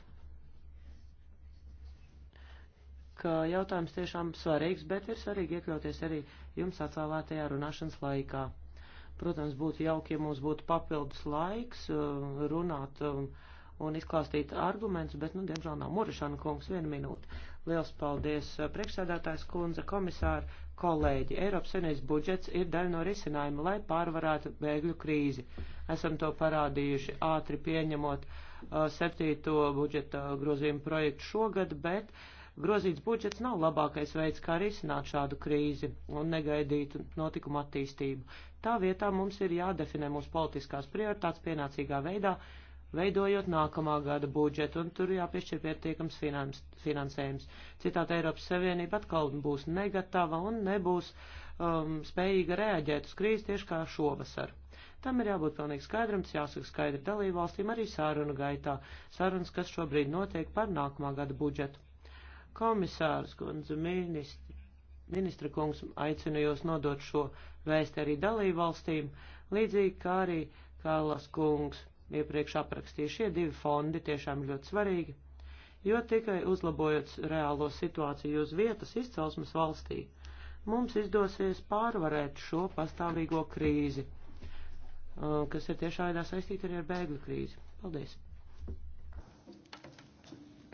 ka jautājums tiešām svarīgs, bet ir svarīgi iekļauties arī jums atvēlētajā runāšanas laikā. Protams, būtu jauki, ja mums būtu papildus laiks uh, runāt um, un izklāstīt argumentus, bet, nu, diemžēl nav Murišana kungs vienu minūti. Liels paldies uh, priekšsēdētājs kundze, komisāri, kolēģi. Eiropas Savienības budžets ir daļa no risinājuma, lai pārvarētu bēgļu krīzi. Esam to parādījuši ātri pieņemot uh, Uh, septīto budžeta grozījumu projektu šogad, bet grozīts budžets nav labākais veids, kā risināt šādu krīzi un negaidītu notikumu attīstību. Tā vietā mums ir jādefinē mūsu politiskās prioritātes pienācīgā veidā, veidojot nākamā gada budžetu, un tur jāpiešķir pietiekams finans, finansējums. Citādi Eiropas Savienība atkal būs negatava un nebūs um, spējīga reaģēt uz krīzi tieši kā šovasar. Tam ir jābūt pilnīgi skaidram, tas jāsaka skaidri dalībvalstīm arī sārunu gaitā, sarunas, kas šobrīd notiek par nākamā gada budžetu. Komisārs, kundze, ministri, ministra kungs, aicinu jūs nodot šo vēstu arī dalībvalstīm, līdzīgi kā arī Kālas kungs iepriekš aprakstīja. Šie divi fondi tiešām ļoti svarīgi, jo tikai uzlabojot reālo situāciju uz vietas izcelsmes valstī, mums izdosies pārvarēt šo pastāvīgo krīzi Uh, kas ir tiešā veidā saistīta arī ar bēgļu krīzi. Paldies!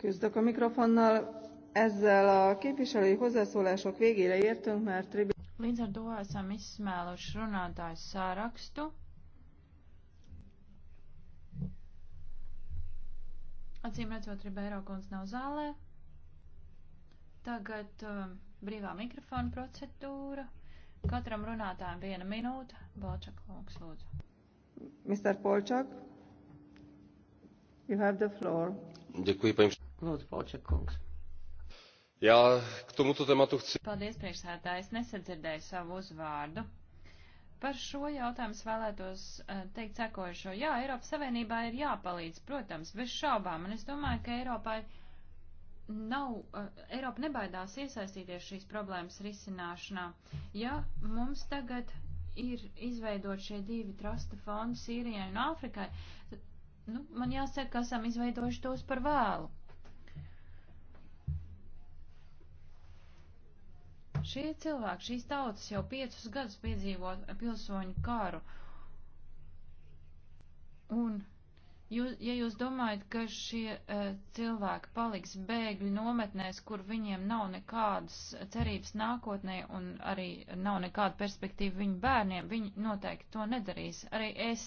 Küzdök a mikrofonnal. Ezzel a képviselői hozzászólások végére értünk, mert tribi... Līdz ar to esam izsmēluši runātājs sārakstu. Acīm redzot, Ribeiro kundze nav zālē. Tagad um, brīvā mikrofona procedūra. Katram runātājam viena minūte. Balčakungs, lūdzu. Mr. Polčak, you have the floor. Děkuji, paní Lūdzu, Polčak kungs. Jā, k tomuto tematu chci. Paldies, priekšsētājs, nesadzirdēju savu uzvārdu. Par šo jautājumu es vēlētos eh, teikt sekojušo. Jā, Eiropas Savienībā ir jāpalīdz, protams, bez šaubām, un es domāju, ka Eiropai nav, eh, Eiropa nebaidās iesaistīties šīs problēmas risināšanā. Ja mums tagad ir izveidot šie divi trasta fondi Sīrijai un Āfrikai, tad, nu, man jāsaka, ka esam izveidojuši tos par vēlu. Šie cilvēki, šīs tautas jau piecus gadus piedzīvo pilsoņu kāru. Un Jūs, ja jūs domājat, ka šie uh, cilvēki paliks bēgļu nometnēs, kur viņiem nav nekādas cerības nākotnē un arī nav nekāda perspektīva viņu bērniem, viņi noteikti to nedarīs. Arī es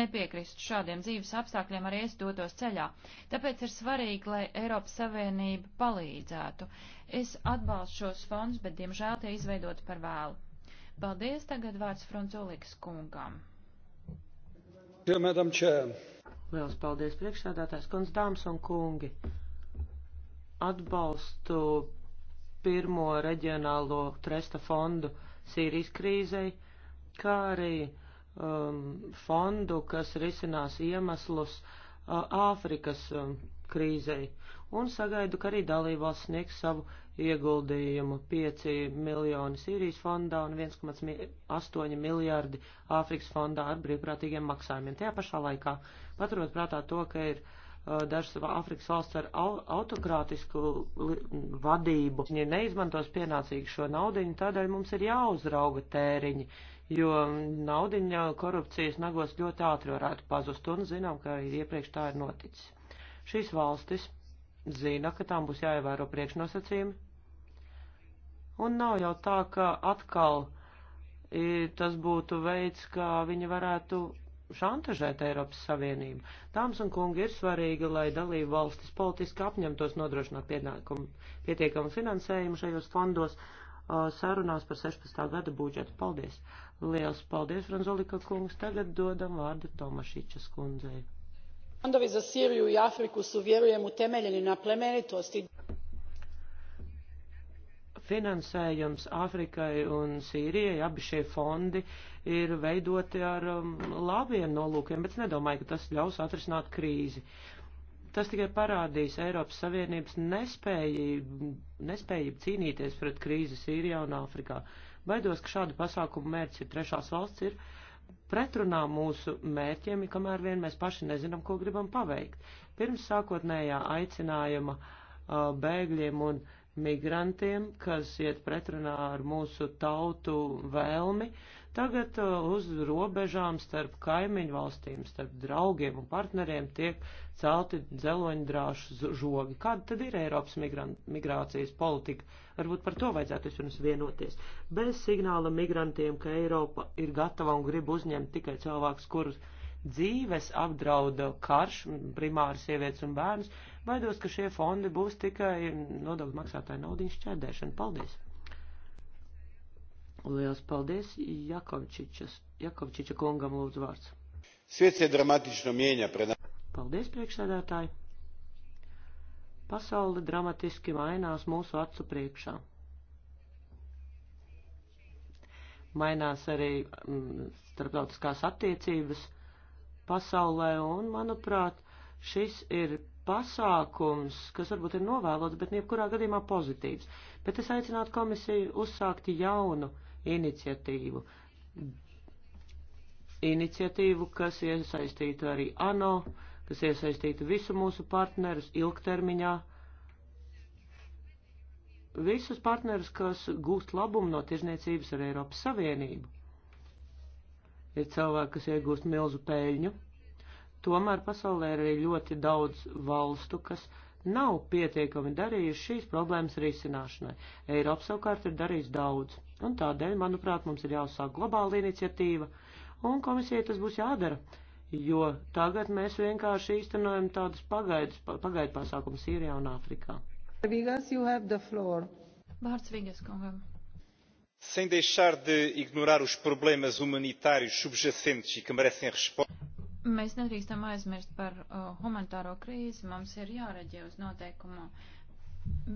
nepiekrīstu šādiem dzīves apstākļiem, arī es dotos ceļā. Tāpēc ir svarīgi, lai Eiropas Savienība palīdzētu. Es atbalstu šos fondus, bet diemžēl tie izveidoti par vēlu. Paldies, tagad vārds Frunzulikas kungam. Ja, Liels paldies priekšsādātājs, kundz dāmas un kungi. Atbalstu pirmo reģionālo tresta fondu Sīrijas krīzei, kā arī um, fondu, kas risinās iemeslus uh, Āfrikas um, krīzei. Un sagaidu, ka arī dalībvalsts sniegs savu ieguldījumu 5 miljoni Sīrijas fondā un 1,8 miljardi Āfrikas fondā ar brīvprātīgiem maksājumiem. Tajā pašā laikā paturot prātā to, ka ir uh, dažas Āfrikas valsts ar au autokrātisku vadību, viņi neizmantos pienācīgi šo naudiņu, tādēļ mums ir jāuzrauga tēriņi, jo naudiņa korupcijas nagos ļoti ātri varētu pazust un zinām, ka arī iepriekš tā ir noticis. Šīs valstis zina, ka tām būs jāievēro priekšnosacījumi, Un nav jau tā, ka atkal tas būtu veids, kā viņi varētu šantažēt Eiropas Savienību. Dāmas un kungi ir svarīgi, lai dalību valstis politiski apņemtos nodrošināt pietiekamu finansējumu šajos fondos sarunās par 16. gada budžetu. Paldies! Liels paldies, Franzolika kungs! Tagad dodam vārdu Tomašičas kundzei. Fondovi za Siriju i Afriku su, vjerujem, utemeljeni na plemenitosti finansējums Āfrikai un Sīrijai, abi šie fondi ir veidoti ar um, labiem nolūkiem, bet es nedomāju, ka tas ļaus atrisināt krīzi. Tas tikai parādīs Eiropas Savienības nespējību, nespējību cīnīties pret krīzi Sīrijā un Āfrikā. Baidos, ka šādu pasākumu mērķis ir trešās valsts ir pretrunā mūsu mērķiem, kamēr vien mēs paši nezinām, ko gribam paveikt. Pirms sākotnējā aicinājuma uh, bēgļiem un uh, migrantiem, kas iet pretrunā ar mūsu tautu vēlmi, tagad uh, uz robežām starp kaimiņu valstīm, starp draugiem un partneriem tiek celti dzeloņdrāšu žogi. Kāda tad ir Eiropas migrācijas politika? Varbūt par to vajadzētu vispirms vienoties. Bez signāla migrantiem, ka Eiropa ir gatava un grib uzņemt tikai cilvēkus, kurus dzīves apdrauda karš, primāri sievietes un bērnus, Baidos, ka šie fondi būs tikai nodokļu maksātāju naudiņu šķērdēšana. Paldies! Liels paldies Jakovčiča kungam lūdzu vārds. Sviets ir dramatično mieņa pred. Paldies, priekšsēdētāji! Pasaule dramatiski mainās mūsu acu priekšā. Mainās arī m, mm, starptautiskās attiecības pasaulē, un, manuprāt, šis ir pasākums, kas varbūt ir novēlots, bet jebkurā gadījumā pozitīvs. Bet es aicinātu komisiju uzsākt jaunu iniciatīvu. Iniciatīvu, kas iesaistītu arī ANO, kas iesaistītu visu mūsu partnerus ilgtermiņā. Visus partnerus, kas gūst labumu no tirzniecības ar Eiropas Savienību. Ir cilvēki, kas iegūst milzu pēļņu Tomēr pasaulē ir arī ļoti daudz valstu, kas nav pietiekami darījuši šīs problēmas risināšanai. Eiropa savukārt ir darījis daudz, un tādēļ, manuprāt, mums ir jāuzsāk globāla iniciatīva, un komisijai tas būs jādara, jo tagad mēs vienkārši īstenojam tādus pagaidus, pagaidu pasākumus Sīrijā un Āfrikā. Vigas, you have the floor. Vārds Vigas kungam sem deixar de ignorar os problemas humanitários subjacentes e que merecem resposta. Mēs nedrīkstam aizmirst par uh, humanitāro krīzi, mums ir jāreģē uz noteikumu,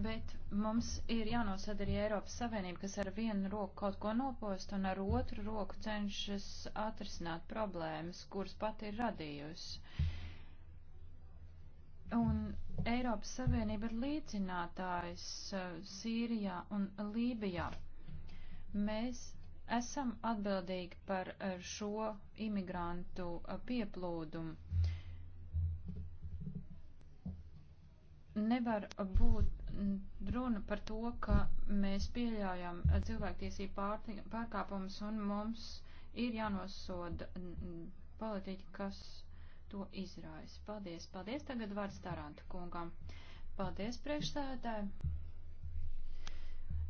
bet mums ir jānosad arī Eiropas Savienība, kas ar vienu roku kaut ko nopost un ar otru roku cenšas atrisināt problēmas, kuras pati ir radījusi. Un Eiropas Savienība ir līdzinātājs uh, Sīrijā un Lībijā. Mēs esam atbildīgi par eh, šo imigrantu eh, pieplūdumu. Nevar būt runa par to, ka mēs pieļaujam eh, cilvēktiesību pārkāpumus un mums ir jānosoda politiķi, kas to izraisa. Paldies, paldies. Tagad vārds Tarantu kungam. Paldies, priekšsēdētāji.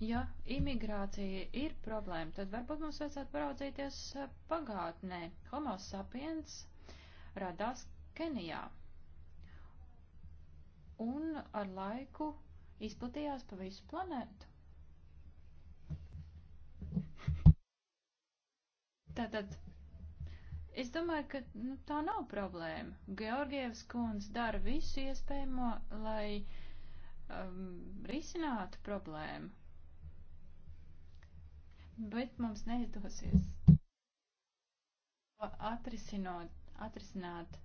Ja imigrācija ir problēma, tad varbūt mums vajadzētu paraudzīties eh, pagātnē. Homo sapiens radās Kenijā un ar laiku izplatījās pa visu planētu. Tātad, es domāju, ka nu, tā nav problēma. Georgievs kundze dara visu iespējamo, lai um, risinātu problēmu bet mums neizdosies atrisinot, atrisināt,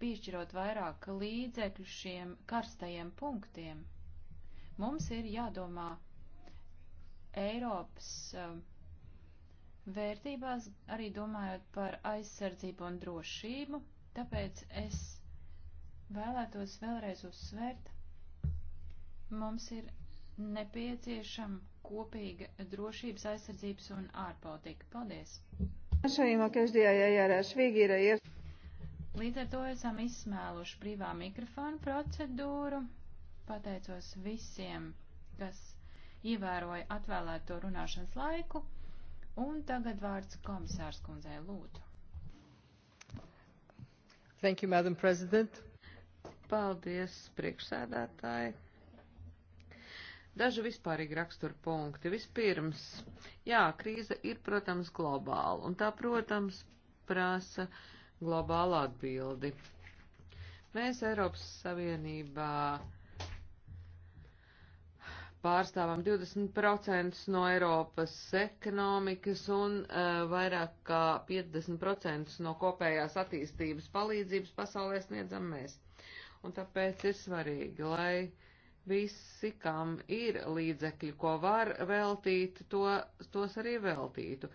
piešķirot vairāk līdzekļu šiem karstajiem punktiem. Mums ir jādomā Eiropas um, vērtībās, arī domājot par aizsardzību un drošību, tāpēc es vēlētos vēlreiz uzsvērt, mums ir nepieciešama kopīga drošības aizsardzības un ārpolitika. Paldies! Līdz ar to esam izsmēluši brīvā mikrofonu procedūru. Pateicos visiem, kas ievēroja atvēlēto runāšanas laiku. Un tagad vārds komisārs kundzei lūdzu. Thank you, Madam President. Paldies, priekšsēdētāji. Daži vispārīgi rakstura punkti. Vispirms, jā, krīze ir, protams, globāla, un tā, protams, prasa globālu atbildi. Mēs Eiropas Savienībā pārstāvam 20% no Eiropas ekonomikas un uh, vairāk kā 50% no kopējās attīstības palīdzības pasaulē sniedzam mēs. Un tāpēc ir svarīgi, lai visi, kam ir līdzekļi, ko var veltīt, to, tos arī veltītu.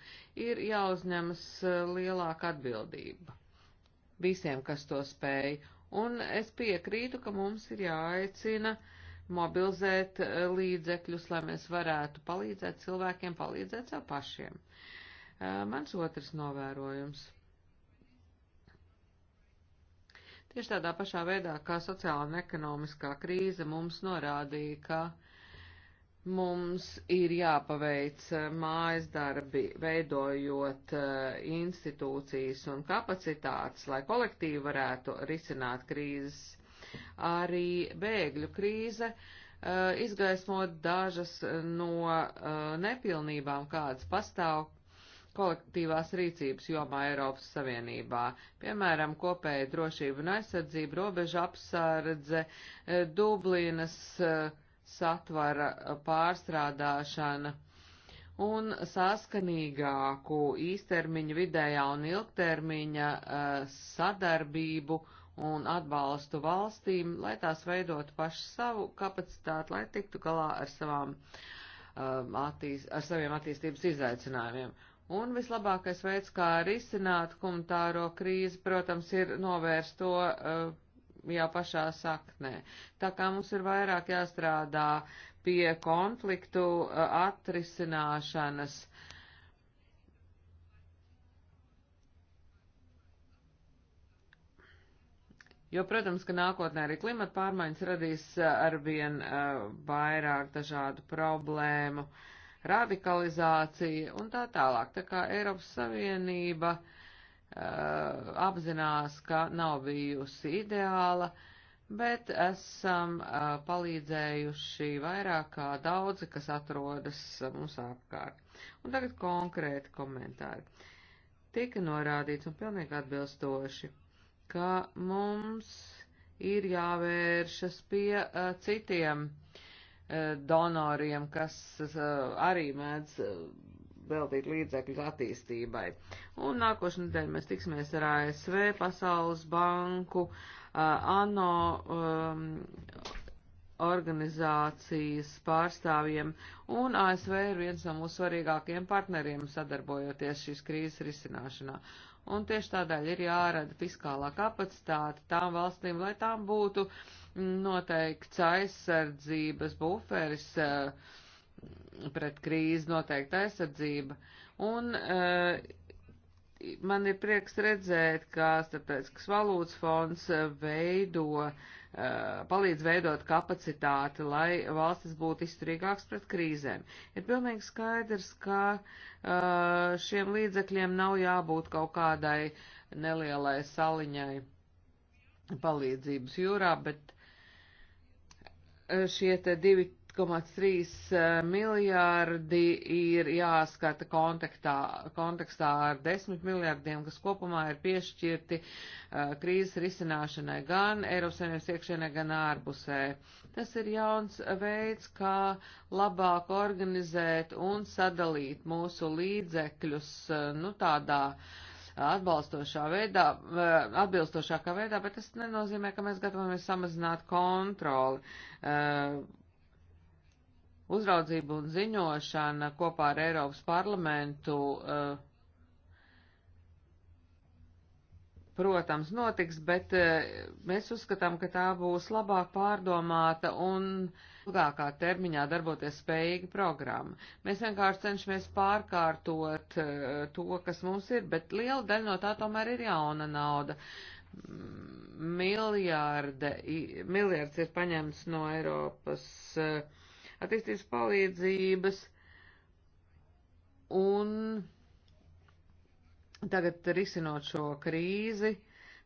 Ir jāuzņemas eh, lielāka atbildība visiem, kas to spēj. Un es piekrītu, ka mums ir jāaicina mobilizēt eh, līdzekļus, lai mēs varētu palīdzēt cilvēkiem, palīdzēt sev pašiem. Eh, mans otrs novērojums. Tieši tādā pašā veidā, kā sociāla un ekonomiskā krīze mums norādīja, ka mums ir jāpaveic eh, mājas darbi, veidojot eh, institūcijas un kapacitātes, lai kolektīvi varētu risināt krīzes. Arī bēgļu krīze eh, izgaismot dažas no nepilnībām, kādas pastāv kolektīvās rīcības jomā Eiropas Savienībā, piemēram, kopēja drošība un aizsardzība, robeža apsardze, eh, Dublinas eh, satvara eh, pārstrādāšana un saskanīgāku īstermiņa, vidējā un ilgtermiņa sadarbību un atbalstu valstīm, lai tās veidotu pašu savu kapacitāti, lai tiktu galā ar savām uh, attīst, ar saviem attīstības izaicinājumiem. Un vislabākais veids, kā risināt humanitāro krīzi, protams, ir novērst to uh, jau pašā saknē. Tā kā mums ir vairāk jāstrādā pie konfliktu uh, atrisināšanas. Jo, protams, ka nākotnē arī klimata pārmaiņas radīs uh, arvien uh, vairāk dažādu problēmu. Uh, radikalizācija un tā tālāk. Tā kā Eiropas Savienība uh, apzinās, ka nav bijusi ideāla, bet esam uh, palīdzējuši vairāk kā daudzi, kas atrodas mums apkārt. Un tagad konkrēti komentāri. Tika norādīts un pilnīgi atbilstoši, ka mums ir jāvēršas pie uh, citiem uh, E, donoriem, kas e, arī mēdz e, veltīt līdzekļus attīstībai. Un nākošajā nedēļā mēs tiksimies ar ASV, Pasaules banku, ANO organizācijas pārstāvjiem, un ASV ir viens no mūsu svarīgākajiem partneriem sadarbojoties šīs krīzes risināšanā un tieši tādēļ ir jārada fiskālā kapacitāte tām valstīm, lai tām būtu noteikts aizsardzības buferis eh, pret krīzi, noteikta aizsardzība. Un eh, man ir prieks redzēt, kā starptautiskas valūtas fonds eh, veido Eh, palīdz veidot kapacitāti, lai valstis būtu izturīgāks pret krīzēm. Ir pilnīgi skaidrs, ka eh, šiem līdzekļiem nav jābūt kaut kādai nelielai saliņai palīdzības jūrā, bet eh, šie te divi 1,3 eh, miljārdi ir jāskata kontaktā, kontekstā ar 10 miljārdiem, kas kopumā ir piešķirti uh, krīzes risināšanai gan Eiropas Savienības iekšienē, gan ārpusē. Tas ir jauns veids, kā labāk organizēt un sadalīt mūsu līdzekļus, uh, nu tādā atbalstošā veidā, uh, atbilstošākā veidā, bet tas nenozīmē, ka mēs gatavamies samazināt kontroli. Uh, uzraudzība un ziņošana kopā ar Eiropas parlamentu, eh, protams, notiks, bet eh, mēs uzskatām, ka tā būs labāk pārdomāta un ilgākā termiņā darboties spējīga programma. Mēs vienkārši cenšamies pārkārtot eh, to, kas mums ir, bet liela daļa no tā tomēr ir jauna nauda miljārde, miljards ir paņemts no Eiropas uh, attīstības palīdzības. Un tagad risinot šo krīzi,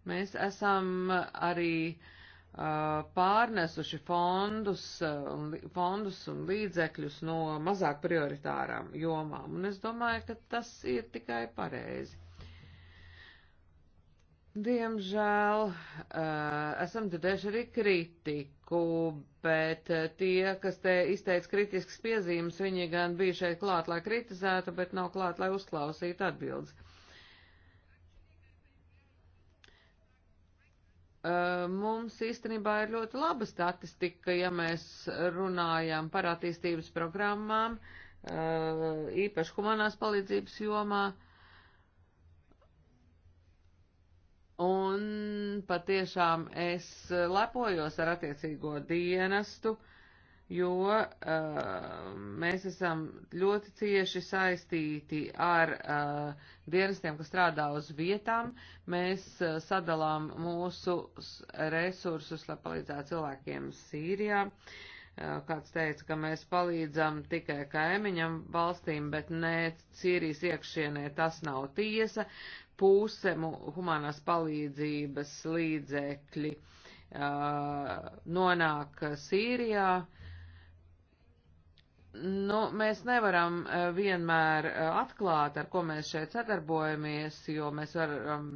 mēs esam arī uh, pārnesuši fondus, un, fondus un līdzekļus no mazāk prioritārām jomām, un es domāju, ka tas ir tikai pareizi. Diemžēl uh, esam dzirdējuši arī kritiku politiku, bet eh, tie, kas te izteica kritiskas piezīmes, viņi gan bija šeit klāt, lai kritizētu, bet nav klāt, lai uzklausītu atbildes. Eh, mums īstenībā ir ļoti laba statistika, ja mēs runājam par attīstības programmām, eh, īpaši humanās palīdzības jomā. Un patiešām es lepojos ar attiecīgo dienestu, jo uh, mēs esam ļoti cieši saistīti ar uh, dienestiem, kas strādā uz vietām. Mēs uh, sadalām mūsu resursus, lai palīdzētu cilvēkiem Sīrijā. Uh, kāds teica, ka mēs palīdzam tikai kaimiņam valstīm, bet ne Sīrijas iekšienē tas nav tiesa puse humanās palīdzības līdzekļi uh, nonāk Sīrijā. Nu, mēs nevaram vienmēr atklāt, ar ko mēs šeit sadarbojamies, jo mēs varam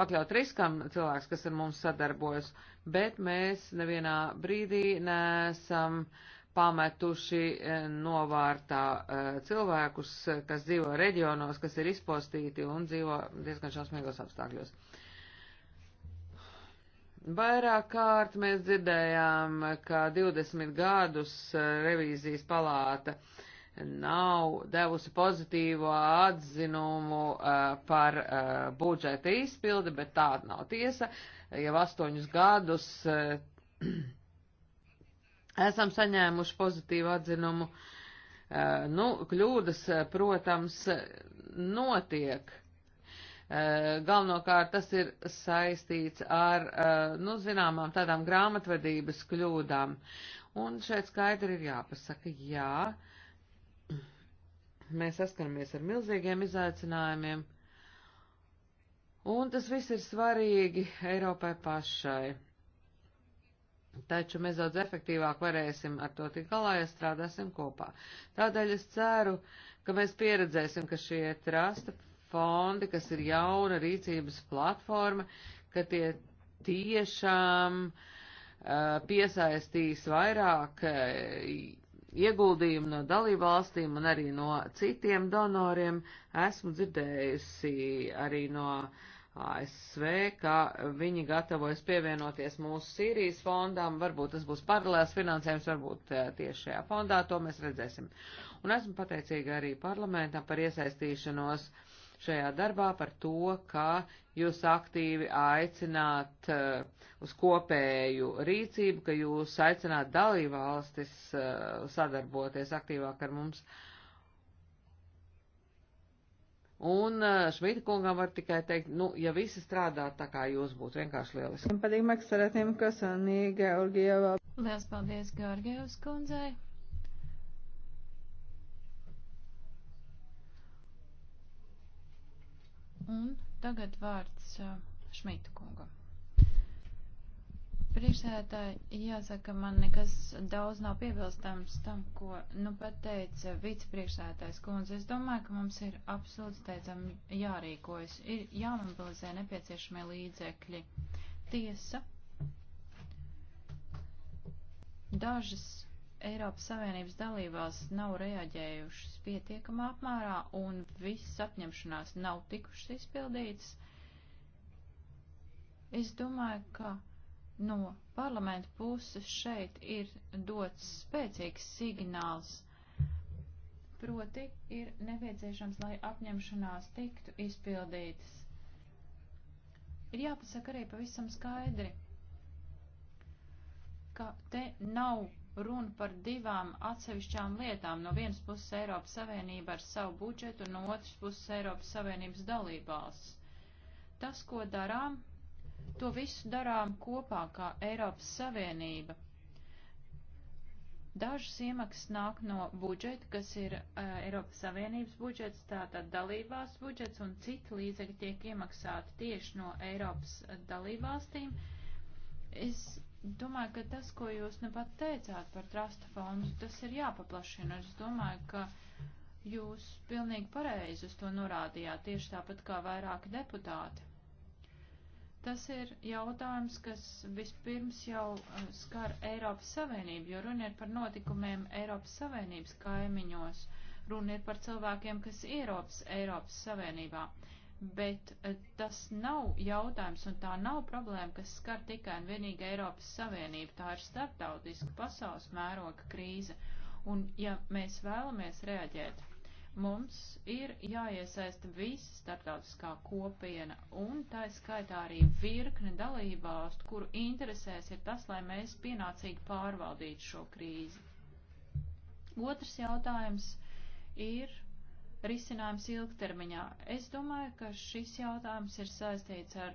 pakļaut riskam cilvēks, kas ar mums sadarbojas, bet mēs nevienā brīdī nesam uh, pametuši e, novārtā e, cilvēkus, e, kas dzīvo reģionos, kas ir izpostīti un dzīvo diezgan šausmīgos apstākļos. Vairāk kārt mēs dzirdējām, ka 20 gadus revīzijas palāta nav devusi pozitīvo atzinumu par budžeta izpildi, bet tāda nav tiesa. Jau astoņus gadus esam saņēmuši pozitīvu atzinumu. Eh, nu, kļūdas, eh, protams, notiek. Eh, galvenokārt tas ir saistīts ar, nu, zināmām tādām grāmatvedības kļūdām. Un šeit skaidri ir jāpasaka, jā, mēs saskaramies ar milzīgiem izaicinājumiem, un tas viss ir svarīgi Eiropai pašai Taču mēs daudz efektīvāk varēsim ar to tik galā, ja strādāsim kopā. Tādēļ es ceru, ka mēs pieredzēsim, ka šie trasta fondi, kas ir jauna rīcības platforma, ka tie tiešām uh, piesaistīs vairāk uh, ieguldījumu no dalībvalstīm un arī no citiem donoriem. Esmu dzirdējusi arī no uh, ASV, ka viņi gatavojas pievienoties mūsu Sīrijas fondām, varbūt tas būs paralēls finansējums, varbūt eh, tieši šajā fondā, to mēs redzēsim. Un esmu pateicīga arī parlamentam par iesaistīšanos šajā darbā, par to, ka jūs aktīvi aicināt eh, uz kopēju rīcību, ka jūs aicināt dalībvalstis eh, sadarboties aktīvāk ar mums. Uh, Un eh, Šmita kungam var tikai teikt, nu, ja visi strādā tā kā jūs būtu, vienkārši lieliski. Patīk maksarētiem, kas un Georgieva. Lielas paldies Georgievas kundzei. Un tagad vārds eh, Šmita kungam. Priekšsēdētāji, jāsaka, man nekas daudz nav piebilstams tam, ko nu pateica vicepriekšsēdētājs kundze. Es domāju, ka mums ir absolūti steidzami jārīkojas, ir jāmobilizē nepieciešamie līdzekļi. Tiesa, dažas Eiropas Savienības dalībās nav reaģējušas pietiekamā apmērā un visas apņemšanās nav tikušas izpildītas. Es domāju, ka no parlamenta puses šeit ir dots spēcīgs signāls. Proti ir nepieciešams, lai apņemšanās tiktu izpildītas. Ir jāpasaka arī pavisam skaidri, ka te nav runa par divām atsevišķām lietām. No vienas puses Eiropas Savienība ar savu budžetu, un no otras puses Eiropas Savienības dalībās. Tas, ko darām, To visu darām kopā kā Eiropas Savienība. Dažas iemaksas nāk no budžeta, kas ir uh, Eiropas Savienības budžets, tātad dalībvalsts budžets, un citi līdzekļi tiek iemaksāti tieši no Eiropas eh, dalībvalstīm. Es domāju, ka tas, ko jūs nu pat teicāt par trasta fondu, tas ir jāpaplašina. Es domāju, ka jūs pilnīgi pareizi uz to norādījāt, tieši tāpat kā vairāki deputāti. Tas ir jautājums, kas vispirms jau eh, skar Eiropas Savienību, jo runa ir par notikumiem Eiropas Savienības kaimiņos, runa ir par cilvēkiem, kas ierops Eiropas Savienībā. Bet eh, tas nav jautājums un tā nav problēma, kas skar tikai un vienīgi Eiropas Savienību. Tā ir starptautiska pasaules mēroga krīze. Un ja mēs vēlamies reaģēt Mums ir jāiesaista visa starptautiskā kopiena un tā skaitā arī virkne dalībvalstu, kuru interesēs ir tas, lai mēs pienācīgi pārvaldītu šo krīzi. Otrs jautājums ir risinājums ilgtermiņā. Es domāju, ka šis jautājums ir saistīts ar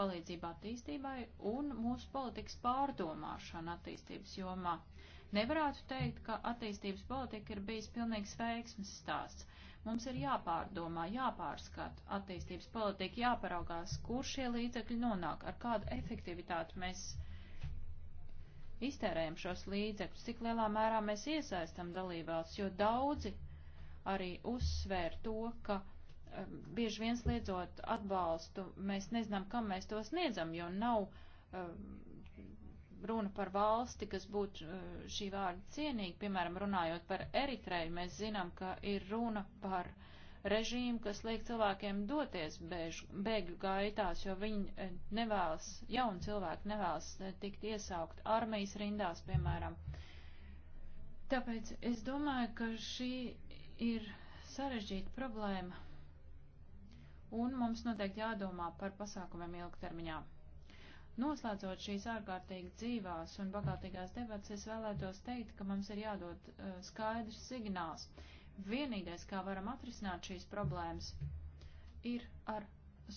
palīdzību attīstībai un mūsu politikas pārdomāšanu attīstības jomā. Nevarētu teikt, ka attīstības politika ir bijis pilnīgs veiksmes stāsts. Mums ir jāpārdomā, jāpārskata attīstības politika, jāparaugās, kur šie līdzekļi nonāk, ar kādu efektivitāti mēs iztērējam šos līdzekļus, cik lielā mērā mēs iesaistam dalībās, jo daudzi arī uzsvēr to, ka um, bieži vien sliedzot atbalstu, mēs nezinām, kam mēs to sniedzam, jo nav um, runa par valsti, kas būtu eh, šī vārda cienīga, piemēram, runājot par Eritreju, mēs zinām, ka ir runa par režīmu, kas liek cilvēkiem doties bēžu, bēgļu gaitās, jo viņi eh, nevēlas, jauni cilvēki nevēlas eh, tikt iesaukt armijas rindās, piemēram. Tāpēc es domāju, ka šī ir sarežģīta problēma, un mums noteikti jādomā par pasākumiem ilgtermiņā. Noslēdzot šīs ārkārtīgi dzīvās un bagātīgās debats, es vēlētos teikt, ka mums ir jādod uh, skaidrs signāls. Vienīgais, kā varam atrisināt šīs problēmas, ir ar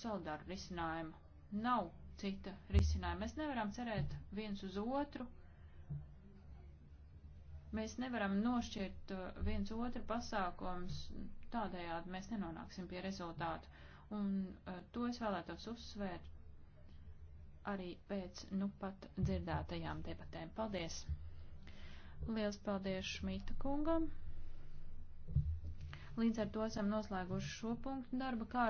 solidāru risinājumu. Nav cita risinājuma. Mēs nevaram cerēt viens uz otru. Mēs nevaram nošķirt uh, viens otru pasākums, tādējādi mēs nenonāksim pie rezultātu. Un uh, to es vēlētos uzsvērt arī pēc nu pat dzirdētajām debatēm. Paldies! Liels paldies Šmita kungam! Līdz ar to esam noslēguši šo punktu darba kārtu.